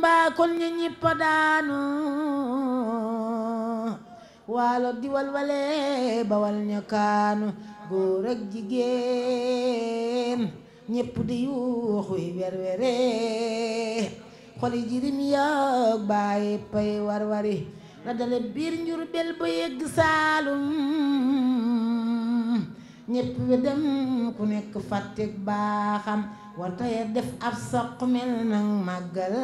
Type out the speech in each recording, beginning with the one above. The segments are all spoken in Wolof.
mbaa kon ñu ñëpp daanu waalo di walwale bawal ñu kaanu góor ak jigéen ñëpp di yuuxu yi xoli jirim yog bàyyi pay warwari la biir njur bel ba yegg saalum ñëpp bi dem ku nekk fàttik baaxam warta ya def ab saq mel nag màggal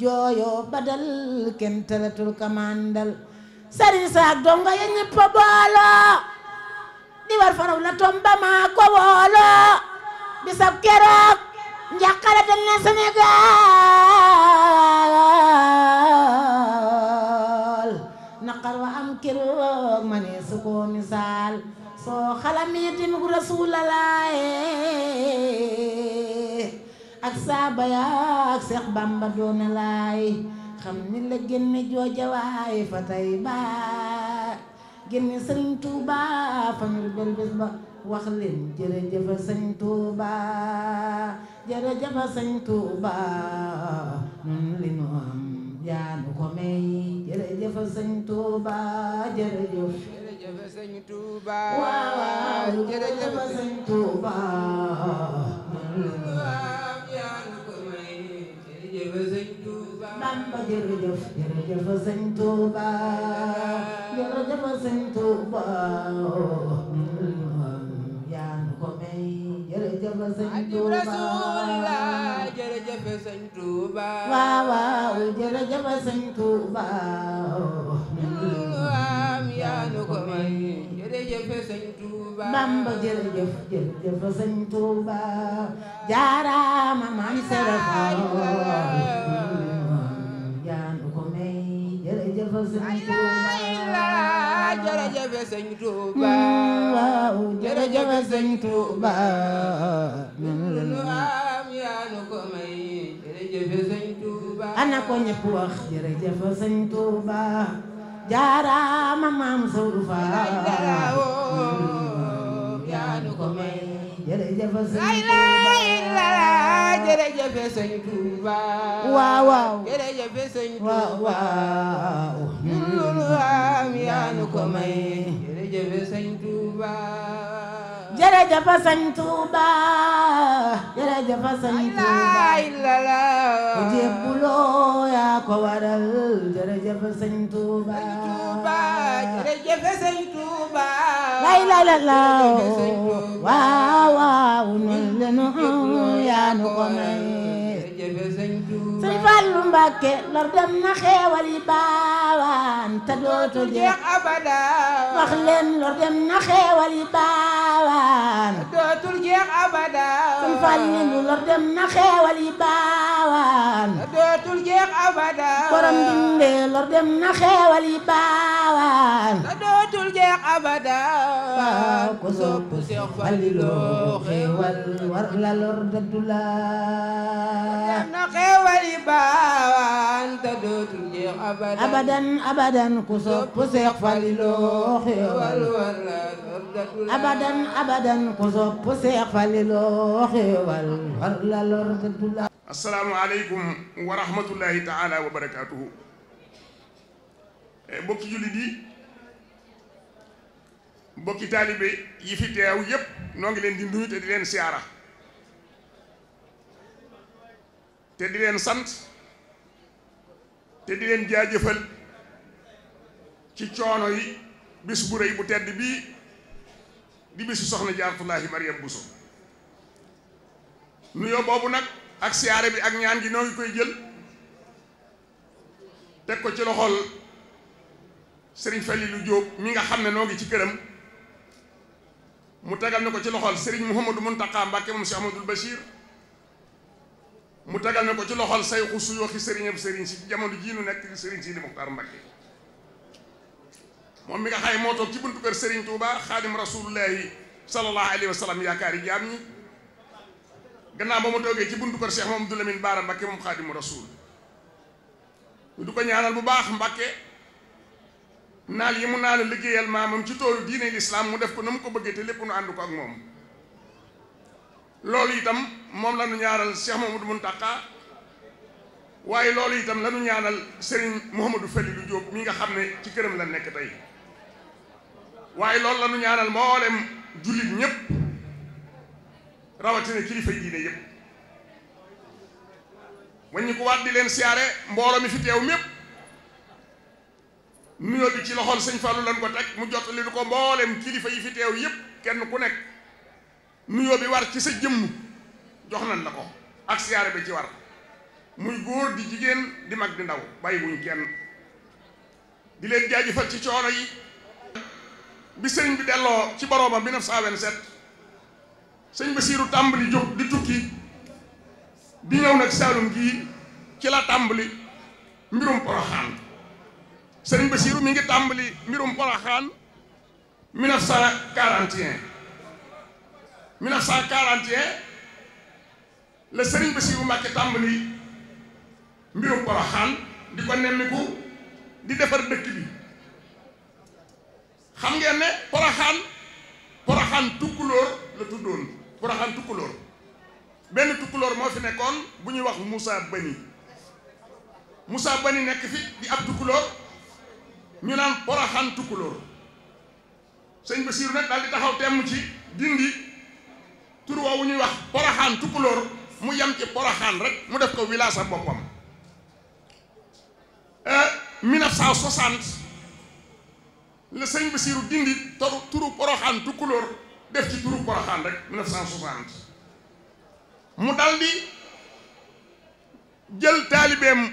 jooyoo badal kenn talatul kamandal sëriñ saak donga ya ñëpp a di war faraw la tomba maa ko wooloo bisab keroog njàqare dañ na wa am keroog ma ne su misaal so xalamitim rasuulalaay ak saabaya ak seex bamba doona laay xam ni la génne joojawaay fa tey baa génne sëriñ tuuba fa ñu bel ba wax leen jërëjëfa sëñ tuuba jërëjëfa sëñ tuuba nun li nu am yaa nu ko jërëjëfa sëñ tuuba jërëjëf jërëjëf sëñ Touba waaw jërëjëf sëñ Touba waaw jërëjëf sëñ Touba waaw waaw jërëjëf sëñ Touba am yaa nu ko may jërëjëf sëñ Touba Bamba jërëjëf jërëjëf sëñ Touba jaaraama maam Serap yaa nu ko may jërëjëf sëñ Touba jërëjëf sëñ Touba jërëjëf sëñ Touba ñun lu nu am yaa nu ko may jërëjëf sëñ Touba wax jërëjëf sëñ Tuuba jërëjëf sëñ Tuuba waaw waaw jërëjëf sëñ Tuuba ñun lu am yaa nu ko may jërëjëf sëñ Tuuba jërëjëf sëñ Touba jërëjëf sëñ Touba ku jébbuloo yaa ko waral jërëjëf sëñ Touba jërëjëf sëñ Touba yaa nu ko Fallu Mbàkke lor dem na xeewal yi baawaan te dootu jeex abada wax leen lor dem na xeewal yi baawaan dootul jeex abada sun Fallilu lor dem na xeewal yi baawaan dootul jeex abada borom bindee lor dem na xeewal yi baawaan dootul jeex abada ko sopp Seex Fallilu xeewal war la lor daddu la dem na xeewal yi baawaan anta dootul jeex abadan abadan ku sopp Seex Falilu xéewal abadan abadan ku sopp Seex Falilu xéewal war la lor tëddula assalaamu aleykum wa rahmatullahi taala wa barakaatuhu eh, bokki jullit yi bokki taalibe yi fi teew yépp noo ngi leen di nuyu te di leen siyaara te di leen sant te di leen jaajëfal ci coono yi bis bu rëy bu tedd bii di bisu soxna Jaaratullaahi Mariam Bousso nuyoo boobu nag ak siyaare bi ak ñaan gi noo ngi koy jël teg ko ci loxol sëriñ lu Diop mi nga xam ne noo ngi ci këram mu tegal na ko ci loxol sëriñ Mouhamadou Mountakha Mbacké moom si Amadou Bachir mu tegal ne ko ci loxol sayxu suyooxi sëriñam sëriñ si jamono jii lu nekk di sëriñ si di Muxtaar Mbakke moom mi nga xay moo toog ci buntu kër sëriñ Touba xaadim rasulullahi sallallahu alayhi wa sallam yaakaar yi jaam ñi gannaaw ba mu toogee ci buntu kër Cheikh Mamadou Lamine Baara Mbakke moom xaadimu rasul ñu du ko ñaanal bu baax Mbakke naal yi mu naal liggéeyal maamam ci toolu diine lislaam mu def ko na mu ko bëggee te lépp nu ànd ko ak moom loolu itam moom la nu ñaanal Cheikh Mouhamadou Mountakha waaye loolu itam la nu ñaanal Serigne Mouhamadou Falilou Diop mi nga xam ne ci këram la nekk tey waaye loolu la nu ñaanal mboolem jullit ñëpp rawatina kilifa diine yëpp waññi ko waat di leen siyaare mbooloo mi fi teew mépp nuyoo bi ci loxol sëñ Fallou lan ko teg mu jot li ko mboolem kilifa yi fi teew yépp kenn ku nekk. nuyoo bi war ci sa jëmm jox nañ la ko ak siyaare bi ci war muy góor di jigéen di mag di ndaw bàyyi wuñ kenn di leen jaajëfal ci coono yi bi sëñ bi delloo ci boroomam 1927 sëñ Basiiru tàmbali jóg di tukki di ñëw nag Saalum gii ci la tàmbali mbirum poroxaan sëñ Basiiru mi ngi tàmbali mbirum poroxaan 1941 1941 la Serigne Bassirou Mbacké tàmbali mbirum Porokhane di ko nemmiku di defar dëkk bi xam ngeen ne Porokhane Porokhane tukkulóor la tuddoon Porokhane tukkulóor benn tukkulóor moo fi nekkoon bu ñuy wax Moussa Bani Moussa Bani nekk fi di ab tukkulóor ñu naan Porokhane tukkulóor sëñ Bassirou nag daal di taxaw temm ci dindi. tur woowu ñuy wax poroxaan tukulóor mu yem ci poroxaan rek mu def ko village ak boppam 1960 eh, la sëñ Basiiru dindi turu turu poroxaan tukulóor def ci turu poroxaan rek mu dal di jël taalibeem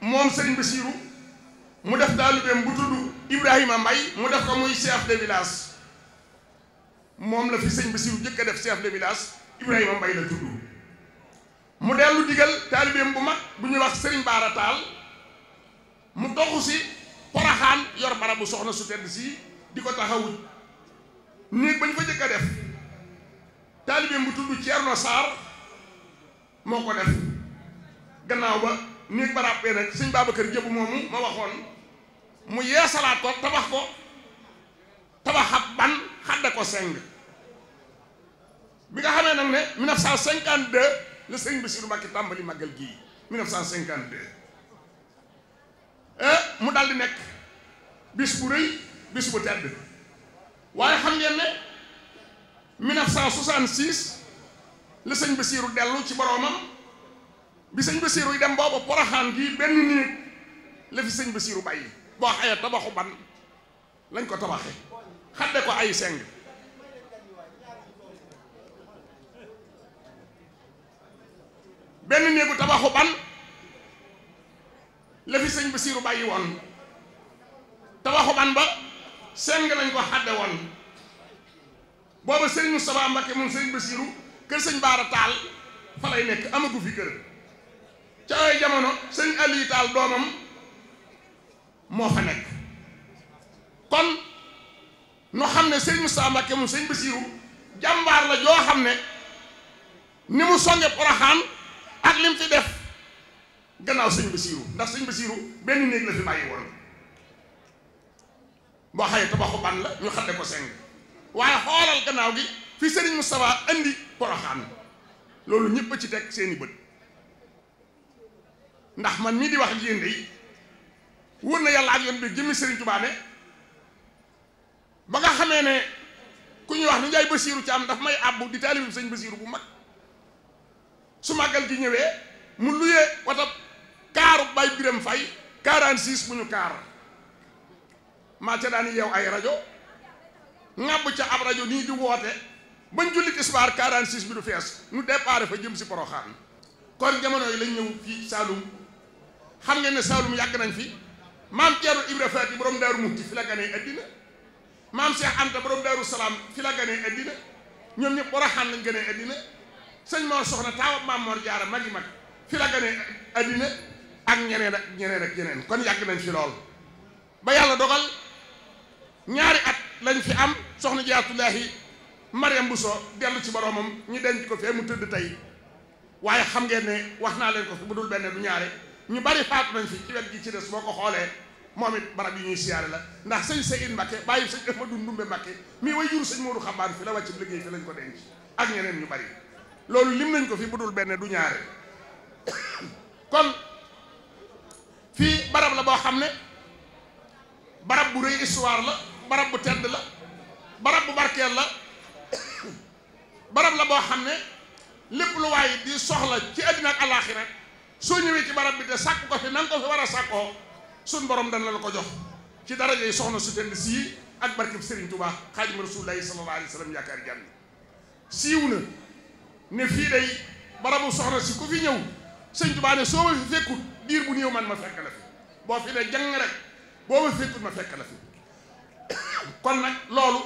moom sëñ Basiiru mu def taalibeem bu tudd Ibrahima Mbay mu def ko muy chef de village moom la fi sëñ Bassirou njëkk a def chef de village Ibrahima Mbaye la tudd mu dellu digal taalibeem bu mag bu ñuy wax Serigne Bara Tall mu doxu si Porokhane yor barabu soxna su tedd si di ko taxawut néeg ba ñu fa njëkk a def taalibeem bu tudd Thierno Sarr moo ko def gannaaw ba néeg ba ràppee nag sëñ Babacar Diop moomu ma waxoon mu yeesalaat ko tabax ko tabaxat ban. xadda ko seng bi nga xamee nag ne 1952 la sëñ Bassirou Mbacké tàmbali màggal gii eh, mu daal di nekk bis bu rëy bis bu tedd waaye xam ngeen ne 1966 dellu ci boroomam bi sëñ Bassirou yi dem booba poroxaan gii benn néeg la fi sëñ Bassirou boo xayee tabaxu ban lañ ko tabaxee xadde ko ay seng benn néegu tabaxu ban la fi sëñ Basiiru bàyyi woon tabaxu ban ba seng lañ ko xadde woon booba sëñ Moustapha Mbakke moom sëñ Basiiru kër sëñ Baara Taal fa nekk amagu fi kër ca ay jamono sëñ Aliou Taal doomam moo fa nekk kon noo xam ne sëñ Moustapha Mbacké moom sëñ Bassirou jàmbaar la joo xam ne ni mu songe Porokhane ak lim fi def gannaaw sëñ Bassirou ndax sëñ Bassirou benn néeg la fi bàyyi woon boo xëyee tabaxu ban la ñu xadde ko seng waaye xoolal gannaaw gi fi sëriñ Moustapha andi Porokhane loolu ñëpp a ci teg seeni bët ndax man mii di wax ak yéen de wóor na yàlla ak yoon bi jëmmi sëriñ Tuubaa ba nga xamee ne ku ñuy wax ni Njaay Basiiru Caam daf may àbbu di taalibu sëñ Basiiru bu mag su màggal gi ñëwee mu luyee wata kaaru bay biram fay 46 bu ñu kaar maa ca daan yeew ay rajo ŋàbb ca ab rajo nii di woote bañ julli tisbaar 46 bi du fees nu déparé fa jëm si Poroxaan kon jamono yi lañ ñëw fii Saalum xam ngeen ne Saalum yàgg nañ fi maam Ceerno Ibra Faati borom Daaru Muxti fi la ganee addina maam Cheikh Anta borom Daaru Salaam fi la gënee addina ñoom ñëpp Porokhane lañ gënee addina sëñ Mor Soxna taawab maam Mor Jaara magi mag fi la gënee addina ak ñeneen ak ñeneen ak ñeneen kon yàgg nañ fi lool ba yàlla dogal ñaari at lañ fi am soxna Jaaratullaahi bu Bousso dellu ci boromam ñu denc ko fee mu tëdd tey waaye xam ngeen ne wax naa leen ko fi bu dul benn du ñaare ñu bari faatu nañ fi ci wet gi ci des boo ko xoolee moom it barab yi ñuy siyaare la ndax sëñ Seydou Mbacke bàyyi sëñ Ahmadou Ndumbe Mbacke mii way jur sëñ Modou Xambaan fi la wàcc liggéey fi lañ ko denc ak ñeneen ñu bari loolu lim nañ ko fi budul benn du ñaare kon fii barab la boo xam ne barab bu rëy histoire la barab bu tedd la barab bu barkeel la barab la boo xam ne lépp lu waay di soxla ci àddina ak alaaxira soo ñëwee ci barab bi te sàkk ko fi nan nga ko fi war a sàkkoo suñ borom dana la ko jox ci daraje soxna su tend sii ak barkeb Serigne Touba xaadima rasulullahi sallallahu alayhi wa sallam yaakaar jàmm siiw na ne fii day barabu soxna si ko fi ñëw sëñ Touba ne soo ma fi fekkut diir bu néew man ma fekk la fi boo fi ne jàng rek boo ma fekkut ma fekk la fi kon nag loolu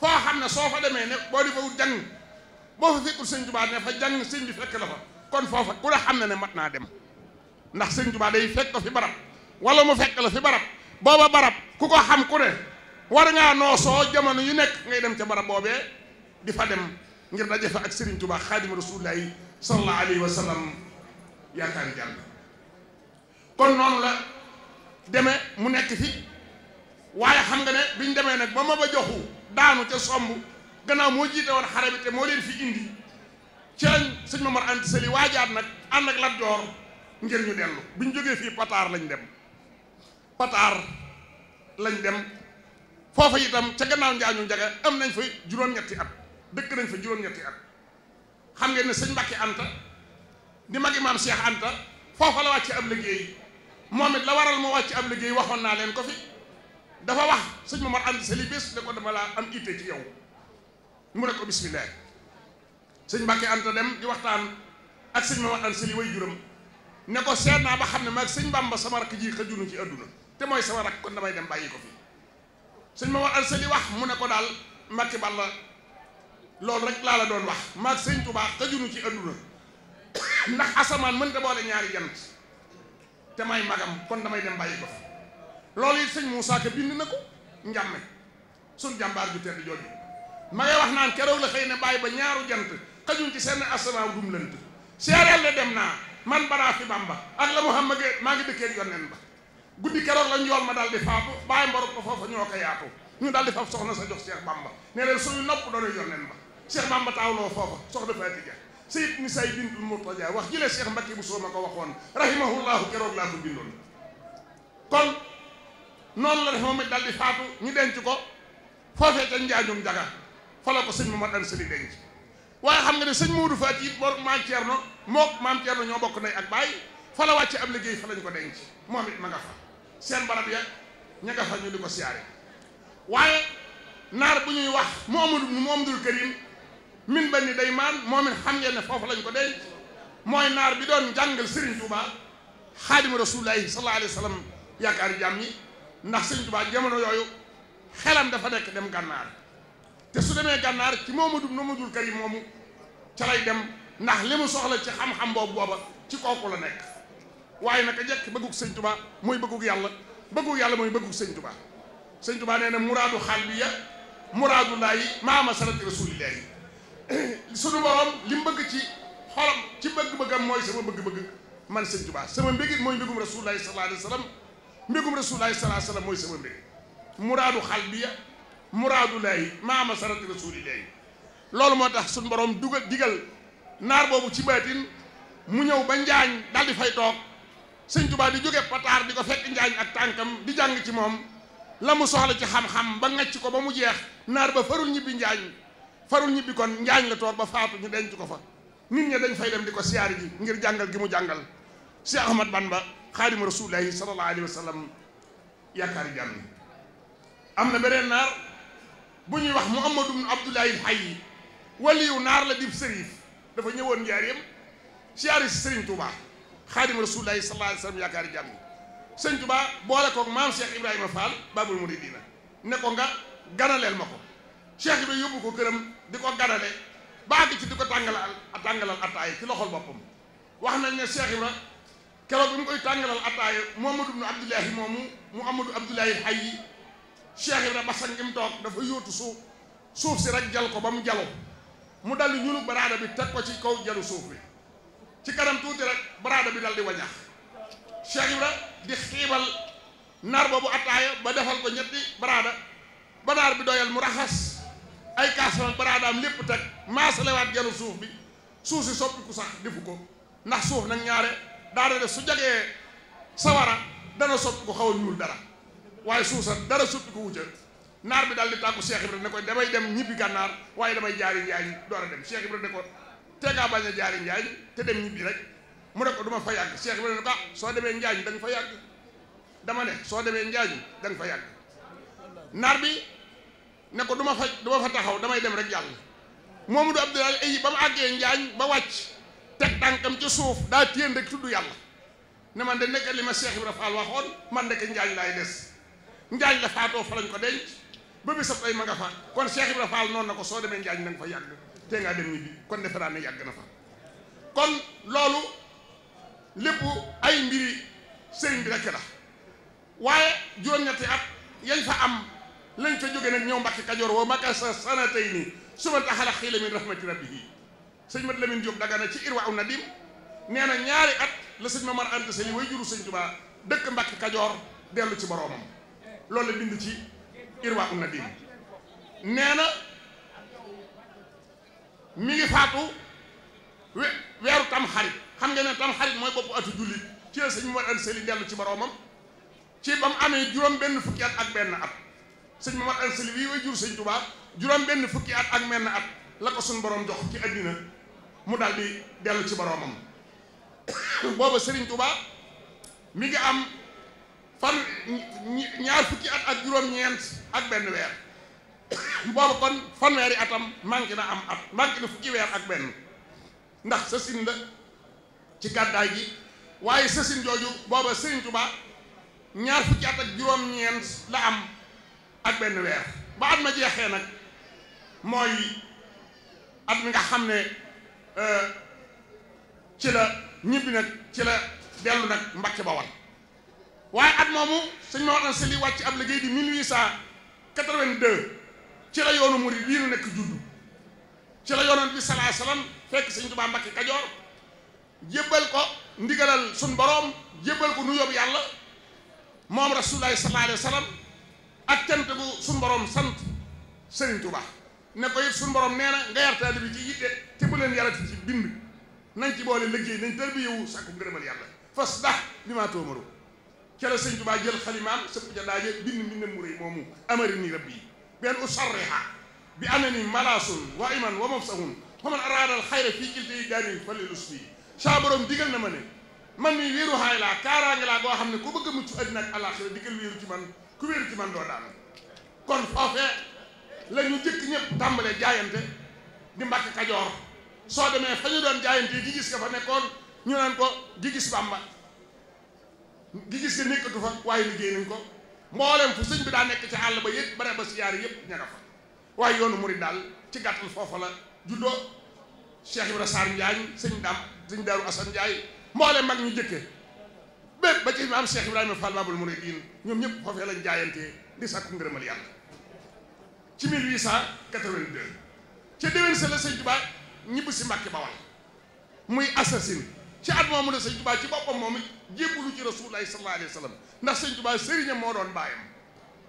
foo xam ne soo fa demee ne boo di fa wut jàng boo fa fekkul sëñ Touba ne fa jàng sëñ bi fekk la fa kon foofa ku la xam ne ne mat naa dem ndax sëñ Touba day fekk ko fi barab wala mu fekk fi barab booba barab ku ko xam ku ne war ngaa noosoo jamono yu nekk ngay dem ca barab boobee di fa dem ngir daje fa ak Serigne Touba xaadima rasulillahi sallallahu alayhi wa sallam yaakaar jàll kon noonu la deme mu nekk fi waaye xam nga ne biñ demee nag ba ma ba joxu daanu ca somb gannaaw moo jiite woon xare bi te moo leen fi indi ci lañ sëñ Mamar Anta Sali waajaat nag ànd ak Lat Joor ngir ñu dellu biñ jógee fii Pataar lañ dem pataar lañ dem foofa itam ca gannaaw njaañu njaga am nañ fa juróom-ñetti at dëkk nañ fa juróom-ñetti at xam ngeen ne sëñ Mbàkke Anta di magi maam Cheikh Anta foofa la wàcc ab liggéey moom it la waral mu wàcc ab waxoon naa leen ko fi dafa wax sëñ Momar Anta Sali bés ne dama laa am itte ci yow mu ne ko sëñ Mbàkke Anta dem di waxtaan ak sëñ Momar Anta Sali way juróom ne ko seet naa ba xam ne maag sëñ Bàmba sama rakk ji xëjunu ci àdduna te mooy sama rak kon damay dem bàyyi ko fi sëñ ma war alsali wax mu ne ko daal Mbàkke Balla loolu rek laa la doon wax maag sëñ Tuubaa xëjunu ci àdduna ndax asamaan mënta boole ñaari jant te may magam kon damay dem bàyyi ko fi loolu it sëñ Moussa Ka bind na ko njàmme sun jàmbaar ju tedd jooju ma ngay wax naan keroog la xëy ne bàyyi ba ñaaru jant xëjun ci seen asamaan dum lënt seereel ne dem naa man banaa fi Bàmba ak la Muhammad maa ngi dëkkee yonnen ba guddi keroog lañ yoon ma daal di faatu bàyyi mborog ko foofa ñoo ko yaatu ñu daal faaf soxna sa jox Cheikh Bamba nee leen suñu nopp doonay yonneen ba Cheikh Bamba taawloo foofa soxna Faatija sayid misay bintul Murtaja wax jëlee Cheikh Mbacke bu soo ko waxoon rahimahullahu keroog laa ko bindoon kon noonu la def moom it daal di faatu ñu denc ko foofee ca njaajum jaga fa la ko ma Mamadou Anta Sali denc waaye xam nga ne sëñ Modou Fati it bor maam Thierno mook maam Thierno ñoo bokk nay ak bàyyi fa la wàcce ab liggéey fa lañ ko denc moom it ma nga seen barab ya ña nga fa ñu li ko siyaare waaye naar bu ñuy wax Muhammadu Muhammadul Karim min ba ni day maan moom it xam ngeen ne foofu lañ ko denc mooy naar bi doon jàngal Serigne Touba xaadimu rasulillahi sallallahu alayhi wa sallam yaakaari jàmm yi ndax Serigne Touba jamono yooyu xelam dafa nekk dem gànnaar te su demee gànnaar ci Muhammadu Muhammadul Karim moomu ca dem ndax li soxla ci xam-xam boobu booba ci kooku la nekk. waaye naka jekk bëggug sëñ tubaa mooy bëggug yàlla bëggug yàlla mooy bëggug sëñ tubaa sëñ tubaa nee na muraadu xalbiya muraadu laayi maama sarati rasulillahi sunu borom li mu bëgg ci xolam ci bëgg-bëggam mooy sama bëgg-bëgg man sëñ tubaa sama mbégit mooy mbégum rasulullahi sallallahu alayhi wa sallam mbégum rasulullahi sallallahu alayhi wa sallam mooy sama mbég muraadu xalbiya muraadu laayi maama sarati rasulillahi loolu moo tax sunu borom dugal digal naar boobu ci baatin mu ñëw ba njaañ daal di fay toog sëñ Tuubaa di jóge pataar di ko fekk njaañ ak tànkam di jàng ci moom la mu soxla ci xam-xam ba ngacc ko ba mu jeex naar ba farul ñibbi njaañ farul ñibbi kon njaañ la toog ba faatu ñu denc ko fa nit dañ fay dem di ko siyaar ji ngir jàngal gi mu jàngal si Ahmad Bamba xaadimu rasulillahi sallallahu alayhi wa na beneen naar ñuy wax Muhammadu bnu Abdullahi Hayyi waliyu naar la dib sëriif dafa ñëwoon njaareem siyaari si sëriñ Tuubaa xaadima rasulullahi sallallahu alayhi wasallam yaakaari jàmm yi sëñ Tuubaa boole koog maam Cheikh Ibrahima Fall babul muridina ne ko nga ganaleel ma ko Cheikh Ibrahima yóbbu ko këram di ko ganale ba àgg ci di ko tàngalal tàngalal attaaya ci loxol boppam wax nañ ne Cheikh Ibrahima keroog bi mu koy tàngalal attaaya Muhammadu ibnu Abdullahi moomu Muhammadu Abdullahi Hayyi Cheikh Ibrahima ba sangim toog dafa yóotu suuf suuf si rek jal ko ba mu jalo mu daldi ñunu baraada bi teg ko ci kaw jalu suuf bi ci kanam tuuti rek baraada bi dal di wañax Cheikh Ibra di xiibal naar boobu attaaya ba defal ko ñetti baraada ba naar bi doyal mu raxas ay kaasam baraadaam lépp teg maasalewaat gelu suuf bi suuf si ko sax defu ko ndax suuf nag ñaare daana de su jagee sawara dana soppi ko xaw a ñuul dara waaye suuf sax dara soppi ko wucca naar bi dal di tàggu Cheikh Ibra ne koy damay dem ñibbi gànnaar waaye damay jaari njaayi door a dem Cheikh Ibra te ngaa bañ a jaari njaañ te dem ñibbi rek mu ne ko du ma fa yàgg Cheikh bi ne ko ah, soo demee njaañ da nga fa yàgg dama ne soo demee njaañ da nga fa yàgg naar bi ne ko du ma fa du fa taxaw damay dem rek jàll moomu du Abdoulaye ay ba mu àggee njaañ ba wàcc teg tànkam ca suuf daa téen rek tudd yàlla ne man de nekk li ma Cheikh Ibra Fall waxoon man de njaañ laay des njaañ la faatoo fa lañ ko denc ba bisab tey ma nga fa kon Cheikh Ibra Fall noon na ko soo demee njaañ da nga fa yàgg te ngaa dem ñibbi kon defe naa ne yàgg na fa kon loolu lépp ay mbiri sëriñ bi rekk la waaye juróom-ñetti at yañ fa am lañ fa jóge nag ñëw Mbàkke Kajoor woo maka sa sanatay nii suma taxala xiila min rahmati rabbihi sëñ Mat Lamin Jóob daga na ci irwa u nadim nee na ñaari at la sëñ Mamar Anta Sali way juru sëñ Tuubaa dëkk Mbàkke Kajoor dellu ci boroomam loolu la bind ci irwa u nadim nee na mi ngi faatu we weeru tam xarit xam nga ne tam xarit mooy boppu atu jullit ci la sëñ Momar Anta Sali dellu ci boroomam ci ba mu amee juróom benn fukki at ak benn at sëñ Momar Anta Sali wii way jur sëñ Tuubaa juróom benn fukki at ak menn at la ko suñ boroom jox ci àddina mu daal di dellu ci boroomam booba sëriñ Tuubaa mi ngi am fan ñaar fukki at ak juróom-ñeent ak benn weer boobu kon fanweeri atam manqué na am at manqué na fukki weer ak benn ndax sësin la ci gàddaay gi waaye sësin jooju booba Sëriñ Tuubaa ñaar fukki at ak juróom-ñeent la am ak benn weer ba at ma jeexee nag mooy at mi nga xam ne euh, ci la ñibbi nag ci la dellu nag Mbàkke Bawal waaye at moomu sëñ ma war an seli wàcc ab liggéey di 1882 ci la yoonu murid wii nu nekk juddu ci la yonent bi salaa salaam fekk sëñ Tuubaa Mbàkke Kajoor jébbal ko ndigalal sun boroom jébbal ko nuyoob yàlla moom rasulullaahi sallallaahu alayhi wa sallam ak cant gu sun boroom sant sëriñ Tuubaa ne ko it sun boroom nee na nga yar taalibe bi ci yitte te bu leen yarati ci bind nañ ci boole liggéey nañ tarbiyewu sàkku ngërëmal yàlla fas dax bi maa tóomaru ca la sëñ Tuubaa jël xalimaam sëpp ca daaje bind mbindam mu rëy moomu amari ni بأن أصرح بأنني ملاس وإما ومفسح ومن أراد الخير في كلتا داني فليلس فيه saa borom digal na ma ne man mii wéeru xaay laa kaaraange laa boo xam ne ku bëgg a mucc àddina ak àllaaxira digal wéeru ci man ku wéeru ci man doo daan kon foofee la ñu jëkk ñëpp tàmbalee jaayante di Mbàkke Kajoor soo demee fa ñu doon jaayante gi gis nga fa nekkoon ñu naan ko gi gis Bàmba gi gis nga nekkatu fa waaye liggéey nañ ko mboolem fu sëñ bi daa nekk ci àll ba yëpp bare ba siyaare yëpp ña nga fa waaye yoonu murid daal ci gàttal foofa la juddoo Cheikh Ibrahima Sarr Ndiaye sëñ Dam sëñ Daaru Assane Ndiaye mboolem mag ñu jëkke bépp ba ci maam Cheikh Ibrahima Fall Babul Mouridine ñoom ñëpp foofee lañ jaayantee di sàkku ngërëmal yàlla ci 1882 ca déwén sa la sëñ Tuubaa ñibb si Mbàkke Bawal muy assasine ci at moomu la sëñ Tuubaa ci boppam moom it jébbalu ci Rasulullaahi sallallaahu alayhi wa sallam ndax sëñ Tuubaa sëriñam moo doon bàyyam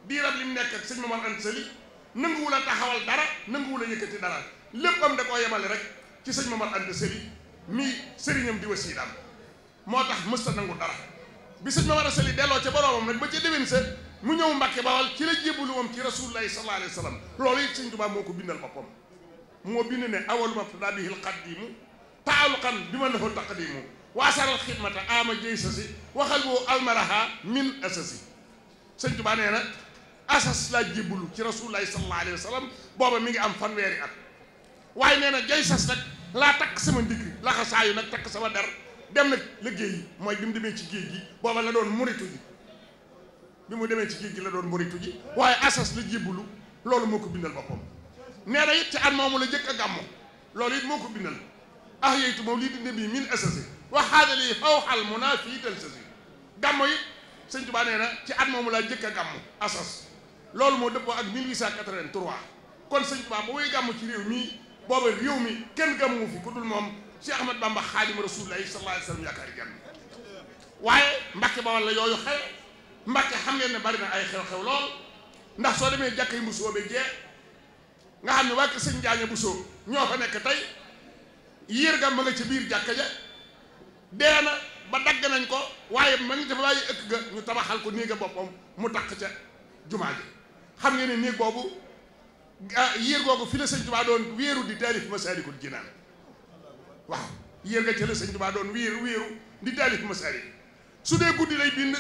diirab li mu nekk ak sëñ Mamar Anta Sali nanguwul a taxawal dara nanguwul a yëkkati dara lépp am da koo yemale rek ci sëñ Mamar Anta Sali mii sëriñam di wasiilaam moo tax mësta nangu dara bi sëñ Mamar Anta Sali delloo ci boroomam nag ba ca déwén sa mu ñëw Mbàkke Bawal ci la jébbalu woon ci rasulullahi sallallahu alayhi wa sallam loolu it sëñ Tuubaa moo ko bindal boppam moo bind ne awaluma fda bihil qaddimu kan bi ma lahu taqdimu waasaral xidmata ama jëy sa si waxal boo almaraha min asasi sëñ Tuubaa nee na asas laa jébbalu ci rasulullahi sallallahu alayhi wa sallam booba mi ngi am fanweeri at waaye nee na jëy sas nag laa takk sama ndigri laxa saayu nag takk sama der dem nag liggéey yi mooy bi demee ci géej gi booba la doon muritu ji bi mu demee ci géej gi la doon muritu ji waaye asas la jébbalu loolu moo ko bindal boppam nee na it ci at moomu la jëkk a gàmmo loolu it moo ko bindal ah yeytu moom lii di nebii wax waxaada lii faw xal mu naa fii tal sa si gàmmu yi sëñ Tuubaa nee na ci at moomu laa jëkk a gàmmu asas loolu moo dëppoo ak 1883 kon sëñ Tuubaa ba woy gàmmu ci réew mii booba réew mi kenn gàmmu fi ku dul moom Cheikh Ahmad Bamba xaadimu rasulillahi sallallahu alayhi wa sallam yaakaari jàmm waaye Mbàkke ba walla yooyu xew Mbàkke xam ngeen ne bari na ay xew-xew lool ndax soo demee jàkka yi mbusoo ba jee nga xam ne waa kër sëñ Njaaña Busoo ñoo fa nekk tey yéer gam ci biir jàkka ja dee na ba dagg nañ ko waaye ma ngi def laay ëkk ga ñu tabaxal ko néega boppam mu takk ca jumaa ji xam nga ne néeg boobu ah, yéer googu fi la sëñ Tuubaa doon wéeru di taalif Masaalikul Jinaan waaw yéer nga ca la sëñ doon wéeru wéeru di taalif Masaalik su dee guddi lay bind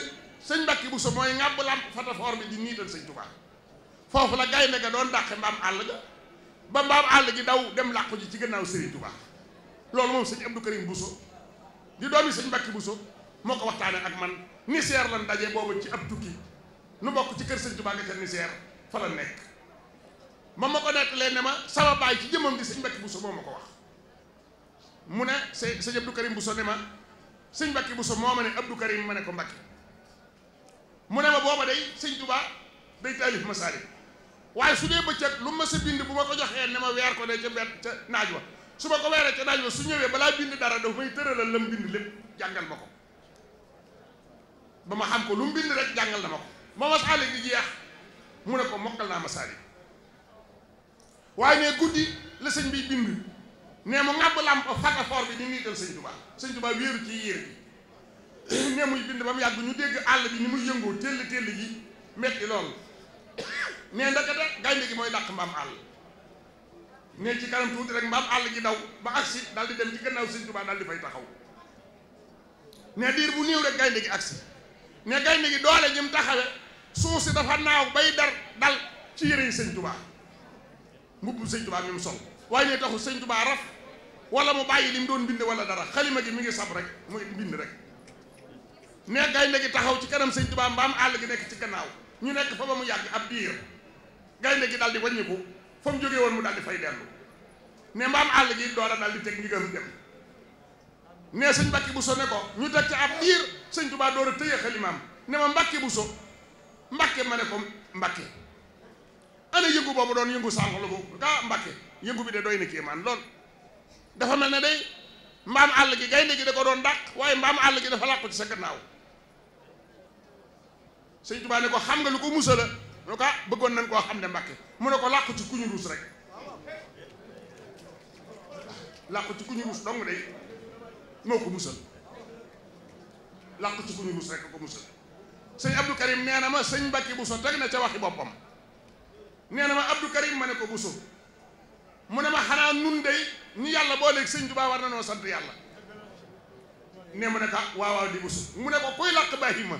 sëñ Mbàkke bu so mooy ŋàbb làmp fatafoor bi di niital sëñ Tuubaa foofu la gaynde ga doon dàqe mbaam àll ga ba mbaam àll gi daw dem làqu ji ci gannaaw sëriñ Tuubaa loolu moom sëñ Abdou Karim Bousso di doomi sëñ Mbàkke Buso moo ko waxtaanee ak man Niger lan daje boobu ci ab tukki lu bokk ci kër sëñ Tuubaa nga ca Niger fa la nekk ma ma ko leen ne ma sama baay ci jëmmam di sëñ Mbàkke Buso moo ma ko wax mu ne sëñ sëñ Abdou ne ma sëñ Mbàkke Buso moo ma ne Abdou Karim ma ne ko Mbàkke mu ne ma booba day sëñ Tuubaa day taalif masaalik waaye su dee bëccëg lu ma sa bind bu ma ko joxee ne ma weer ko de ca ca naaj wa su ma ko weeree ca naaj su ñëwee balaa bind dara daf may tëralal la mu bind lépp jàngal ma ko ba ma xam ko lu mu bind rek jàngal na ma ko ma masaalik di jeex mu ne ko mokkal naa masaalik waaye ne guddi la sëñ bi bind ne mu ŋàbb làmp fagafoor bi ni niital sëñ Tuubaa sëñ Tuubaa wéeru ci yéer bi ne muy bind ba mu yàgg ñu dégg àll bi ni muy yëngoo téll téll gi metti lool ne ndakate gaynde gi mooy dàq mbaam àll ne ci kanam rek mbaam àll gi daw ba agsi daal di dem ci gannaaw sëñ Tuubaa daal di fay bu néew rek gaynde gi agsi ne gaynde gi doole ñim taxawe suuf si dafa naaw bay dar dal ci yëre yi sëñ Tuubaa mbubb sëñ Tuubaa mi mu sol waaye ne li mu bind wala dara xalima gi mi ngi sab rek muy bind rek ne gaynde gi taxaw ci kanam sëñ Tuubaa mbaam àll gi nekk ci gannaaw ñu nekk fa ba mu yàgg ab diir gaynde gi daal di wàññiku fa mu jógee woon mu daal di fay dellu ne mbaam àll gi door a daal di teg ndigam dem ne sëñ Mbàkke Buso ne ko ñu teg ci ab diir sëñ Tuubaa door a tëye xalimaam ne ma Mbàkke Buso Mbàkke ma ne ko Mbàkke ana yëngu boobu doon yëngu sànq la ko ah yëngu bi de doy na kéemaan lool dafa mel ne day mbaam àll gi gaynde gi da ko doon dàq waaye mbaam àll gi dafa làqu ci sa gannaaw sëñ Tuubaa ne ko xam nga lu ko musa la ko ah bëggoon nañ koo xam ne Mbàkke mu ne ko làqu ci ku ñu ruus rek làqu ci ku ñu ruus dong de moo ko musal làqu ci ku ñu ruus rek ko musal sëñ Abdou Karim nee na ma sëñ Mbacke Bousso teg na ca waxi boppam nee na ma Abdou Karim ma ne ko Bousso mu ne ma xanaa nun de ñu yàlla boo léegi sëñ war na noo sant yàlla ne mu ne ko ah, waaw waaw di Bousso mu ne ko kuy a bahima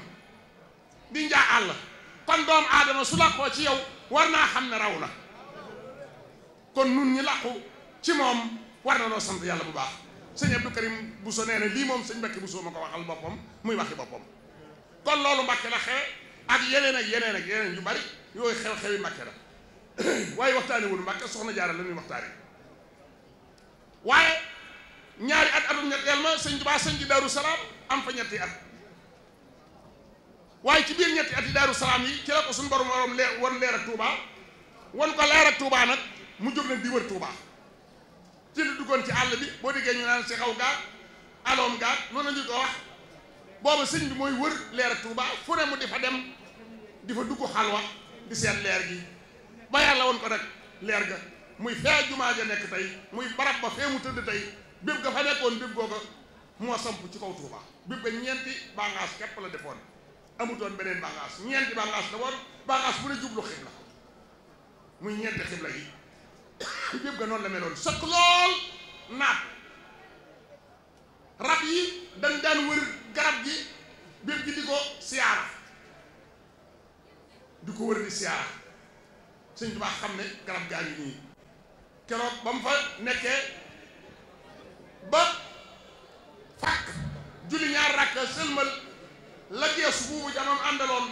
di njaa àll kon doom aadama su làqoo ci yow war naa xam ne raw na kon nun ñi làqu ci moom war na noo sant yàlla bu baax sëñ Abdou Karim Bousso nee na lii moom sëñ Mbacke Bousso ma ko waxal boppam muy waxi boppam kon loolu Mbacke la xewe ak yeneen ak yeneen ak yeneen yu bari yooyu xew-xewi Mbacke la waaye waxtaane wunu Mbacke soxna jaara la ñuy waxtaane waaye ñaari at atum ñetteel ma sëñ Tuubaa sëñ ji Daaru Salaam am fa ñetti at waaye ci biir ñetti ati daaru salaam yi ci ko suñu borom waroon leer wan leer ak Touba wan ko leer ak Touba nag mu jóg nag di wër Touba ci lu duggoon ci àll bi boo déggee ñu naan si xaw gaa aloom gaa noonu la ñu ko wax booba sëñ bi mooy wër leer ak Touba fu ne mu di fa dem di fa dugg xalwa di seet leer gi ba yàlla woon ko nag leer ga muy fee jumaa ja nekk tey muy barab ba fee mu tëdd tey bépp ga fa nekkoon bépp googa moo samp ci kaw tuuba bépp ga ñeenti bàngaas képp la defoon. amutoon beneen bànqaas ñeenti bànqaas la woon bànqaas bu ne jublu xibla muy ñeenti xibla yi yëpp ga noonu la meloon sëkk lool naat rab yi dañ daan wër garab gi bépp di ko siyaara di ko wër di siyaara sëñ bi baax xam ne garab gaa ngi nii keroog ba mu fa nekkee ba fàkk julli ñaar rakk sëlmal la gees buubu ja noonu àndaloon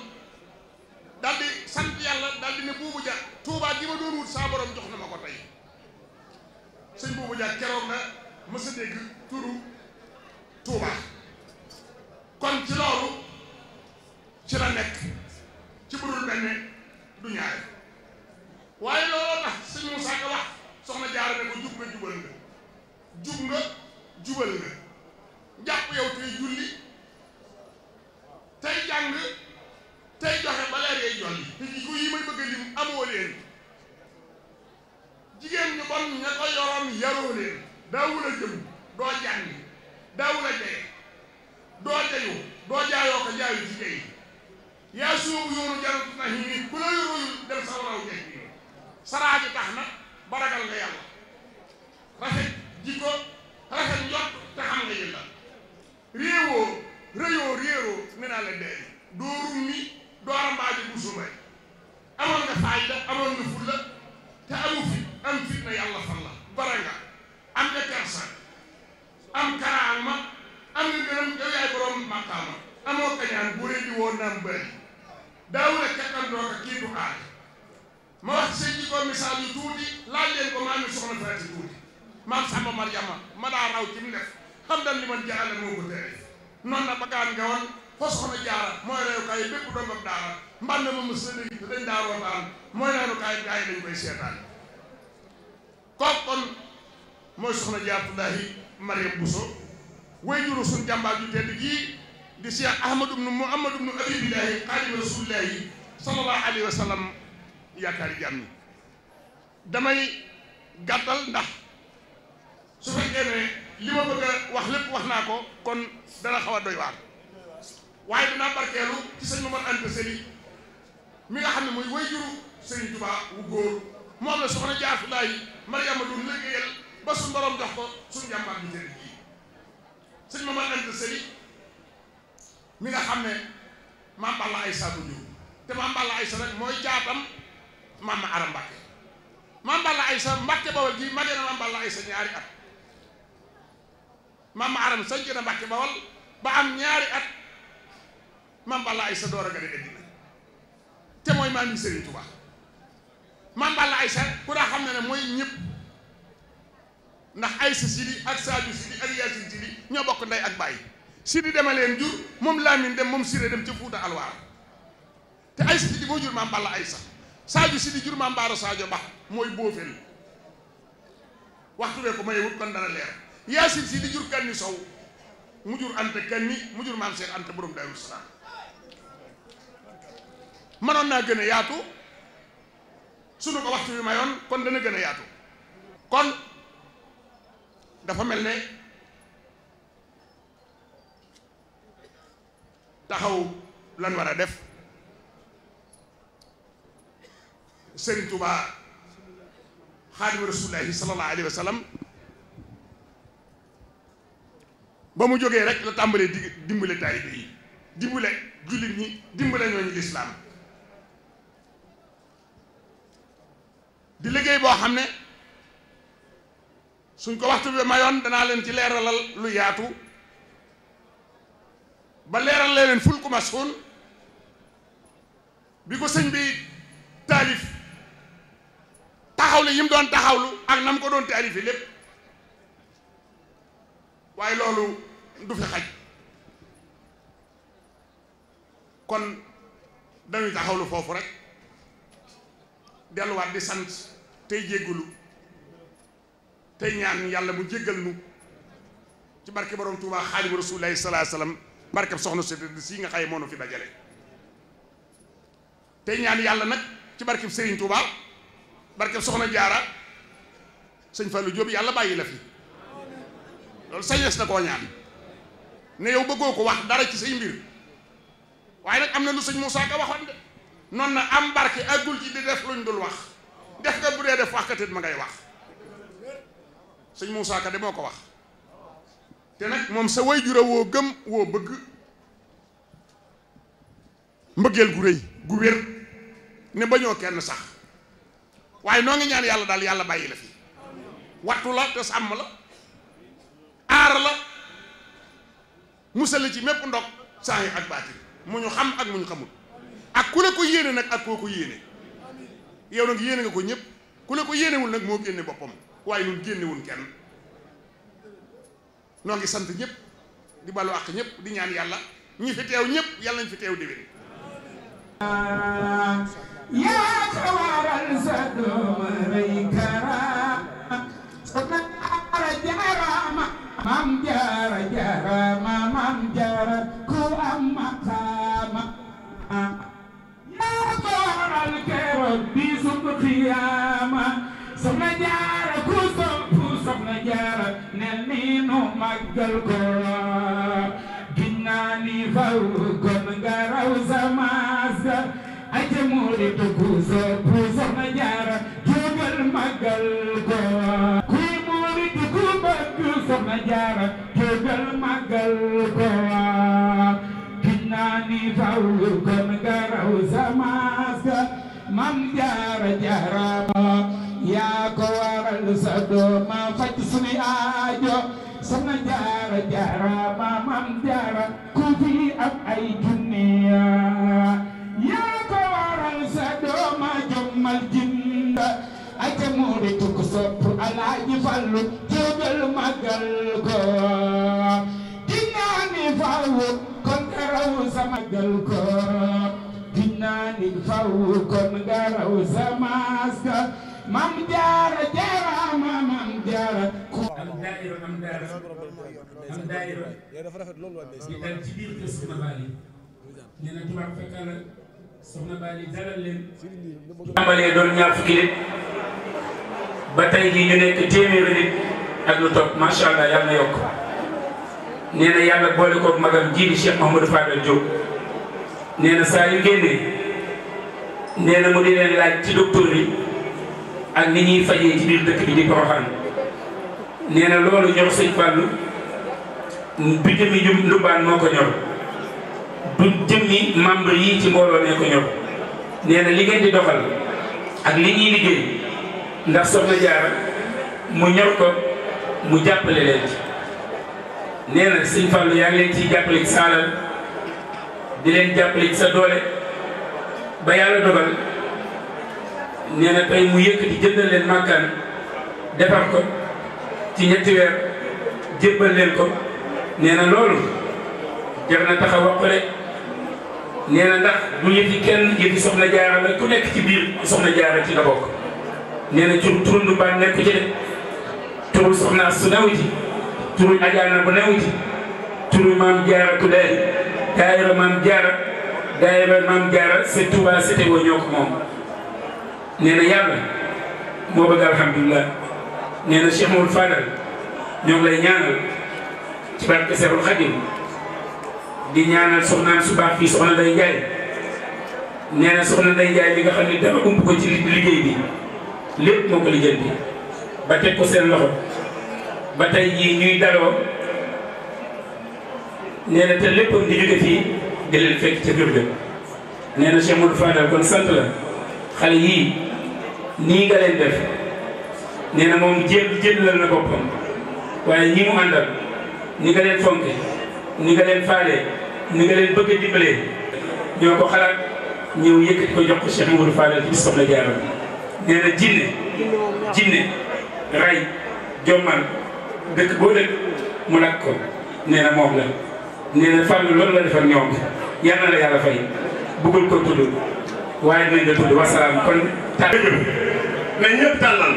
daal di sant yàlla daal buubu ja tuubaa gi ma doon wut saa jox na ma ko tey sëñ buubu ja keroog na mës a dégg turu tuubaa kon ci loolu ci la nekk ci budul benn du ñaare waaye looloo tax sëñ Ka wax soxna jaara ne ko jub nga jubal nga jub nga jubal nga jàpp yow tey julli man Touba Mame Balla Aïssa ku daa ne ne mooy ñëpp ndax Aïssa Sidi ak Sadio Sidi ak Yacine Sidi ñoo bokk ndey ak bàyyi Sidi dema jur moom Lamine dem moom Siré dem ca Fuuta Alwaar te Aïssa Sidi moo jur Mame jur Mame Bara Sadio Ba mooy boofel waxtu bee ko may wut kon dana leer Yacine Sidi jur Kanni Sow mu jur Anta Kanni mu jur Mame Cheikh Anta borom Daaru Salaam mënoon naa gën a yaatu suñu ko waxtu bi mayoon kon dana gën a yaatu kon dafa mel ne taxaw lan war a def Serigne Touba xaadimu rasulillahi sallallahu alayhi wa sallam ba mu jógee rek la tàmbalee di dimbale taalibe yi dimbale jullit ñi dimbale ñooñu lislaam di liggéey boo xam ne suñ ko waxtu bi mayoon danaa leen ci leeralal lu yaatu ba leeral leen fulku masuun bi ko sëñ bi taalif taxawlu yi mu doon taxawlu ak na mu ko doon taalif yi lépp waaye loolu du fi xaj kon dañuy taxawlu foofu rek delluwaat di sant tey jéggalu tey ñaan yàlla mu jéggal nu ci barke borom Touba xaadimu rasulillahi salaa salaam barkeb soxna Sëriñ si nga xaye moonu fi dajale tey ñaan yàlla nag ci barkeb Serigne Touba barkeb soxna jaara sëñ Fallou Diop yàlla bàyyi la fi loolu sañees na koo ñaan ne yow bëggoo ko wax dara ci say mbir waaye nag am na lu sëñ Moussa Ka waxoon de noonu na am barke àggul ci di def luñ dul wax defkat bu dee def waxkatit ma ngay wax sëñ Moussa Ka moo ko wax te nag moom sa way jura woo gëm woo bëgg mbëggeel gu rëy gu wér ne bañoo kenn sax waaye noo ngi ñaan yàlla daal yàlla bàyyi la fi wattu la te sàmm la aar la musal ci mépp ndox saa yi ak baati mu ñu xam ak mu ñu xamul ak ku la ko yéene nag ak koo ko yéene yow nag yéene nga ko ku la ko yéenewul nag moo génne boppam waaye ñun génnewul sant ñëpp di di ñaan yàlla ñi fi teew ñëpp yàlla fi teew déwén yaa tawaaral sa keroog bi xiyaama soxna jaara ku samp soxna jaara nel ni nu màggal ko ginnaa ni faw kon nga raw sa maas ga aca muuritu ku sopp soxna jaara jógal màggal ko kuy muuritu ku bëgg soxna jaara jógal màggal ko ginnaa ni faw kon sa doom ma faj suñuy aajo soxna jaara jaara maam jaara ku fi am ay junniya yaa ko waral sa doom ma jommal jinda aca muuri tukk sopp alaaji fallu jógal magal ko dinnaani fawu kon nga raw sa magal ko dinnaani fawu kon nga raw sa maska mam jaara jaaraama mam jaara am daayira am daara am daayira ñu dal ci biir kër Soxna Bali nee na tubaab fekkal Soxna Bali dalal leen tàmbalee doon ñaar fukki nit ba tey jii ñu nekk téeméeri nit ak lu topp macha allah yàlla na yokk nee na yàlla boole koog magam jii di Cheikh Mahamadou Fadel Diop nee na saa yu génnee nee na mu di leen laaj ci docteur yi ak ni ñuy fajee ci biir dëkk bi di Porokhane nee loolu ñor sëñ Fallou du jëmmi jum Ndoubane moo ko ñor du jëmmi membre yii ci mbooloo nee ko ñor nee na di doxal ak li liggéey ndax soxna jaara mu ñor ko mu jàppale leen ci nee na yaa ngi leen jàppale saalal di leen jàppale sa doole ba yàlla dogal nee na tey mu yëkkati jëndal leen màkkaan defar ko ci ñetti weer jébbal leen ko nee na loolu jar na tax a wax ko ndax bu ñu fi kenn yëfi soxna jaara la ku nekk ci biir soxna jaara ci la bokk nee na tur turundu baan nekku ci de turu soxna su newu ci turu bu newu ci turu maam jaara ku day daayira maam jaara daayira maam jaara c'est Touba c'était woo ñoo ko moom nee na yàlla moo bëgg alhamdulilah nee na Cheikh Mawal Fadal lay ñaanal ci barke Seexul Xadim di ñaanal soxnaan su fii soxna day jaay nee na soxna day jaay nga xam ne ko ci liggéey bi lépp moo ko liggéey ba teg ko seen loxo ba tey jii ñuy daloo nee na te léppam di jóge fii di leen fekk ca kër ga nee na Cheikh kon sant la xale yii. nii nga leen def nee na moom jël jëlal na boppam waaye ñi mu àndal ni nga leen fonke ni nga leen faale ni nga leen bëgg a dimbalee ñoo ko xalaat ñëw yëkkati ko jox ko Cheikh Mourou Fadel ci bis soxna Diarra nee na jinne jinne ray jommal dëkk boo dëkk mu lakk ko nee moom la nee na loolu la defal ñoom yal na la yàlla fay bëggul ko tudd waaye dañ da tudd wasalaam kon ta na ñëpp tàllal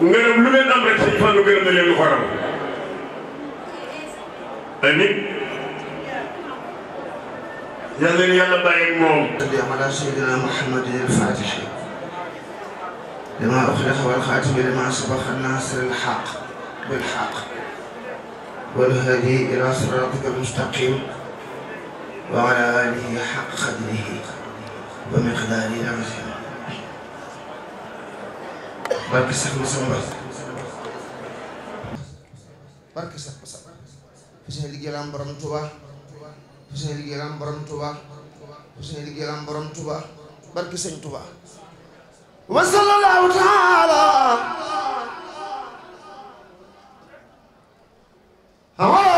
ngërëm lu leen am rek suñu fàllu gërëm na leen lu xoram amin yàlla na yàlla bàyyi moom ala sayyidina muhammadin al-fatihi lima uxliqa wal xaatimi lima sabaqa naasir al-xaq bil xaq wal haadi ila siraatika al-mustaqim wa ala aalihi xaq qadrihi ومقدار أمثلة barke sax ma sama mbas barke sax ma sax fas yéene liggéeyal am borom Tuuba fas yéene liggéeyal am borom Tuuba fas yéene liggéeyal am borom Tuuba barke sëñ Tuuba wa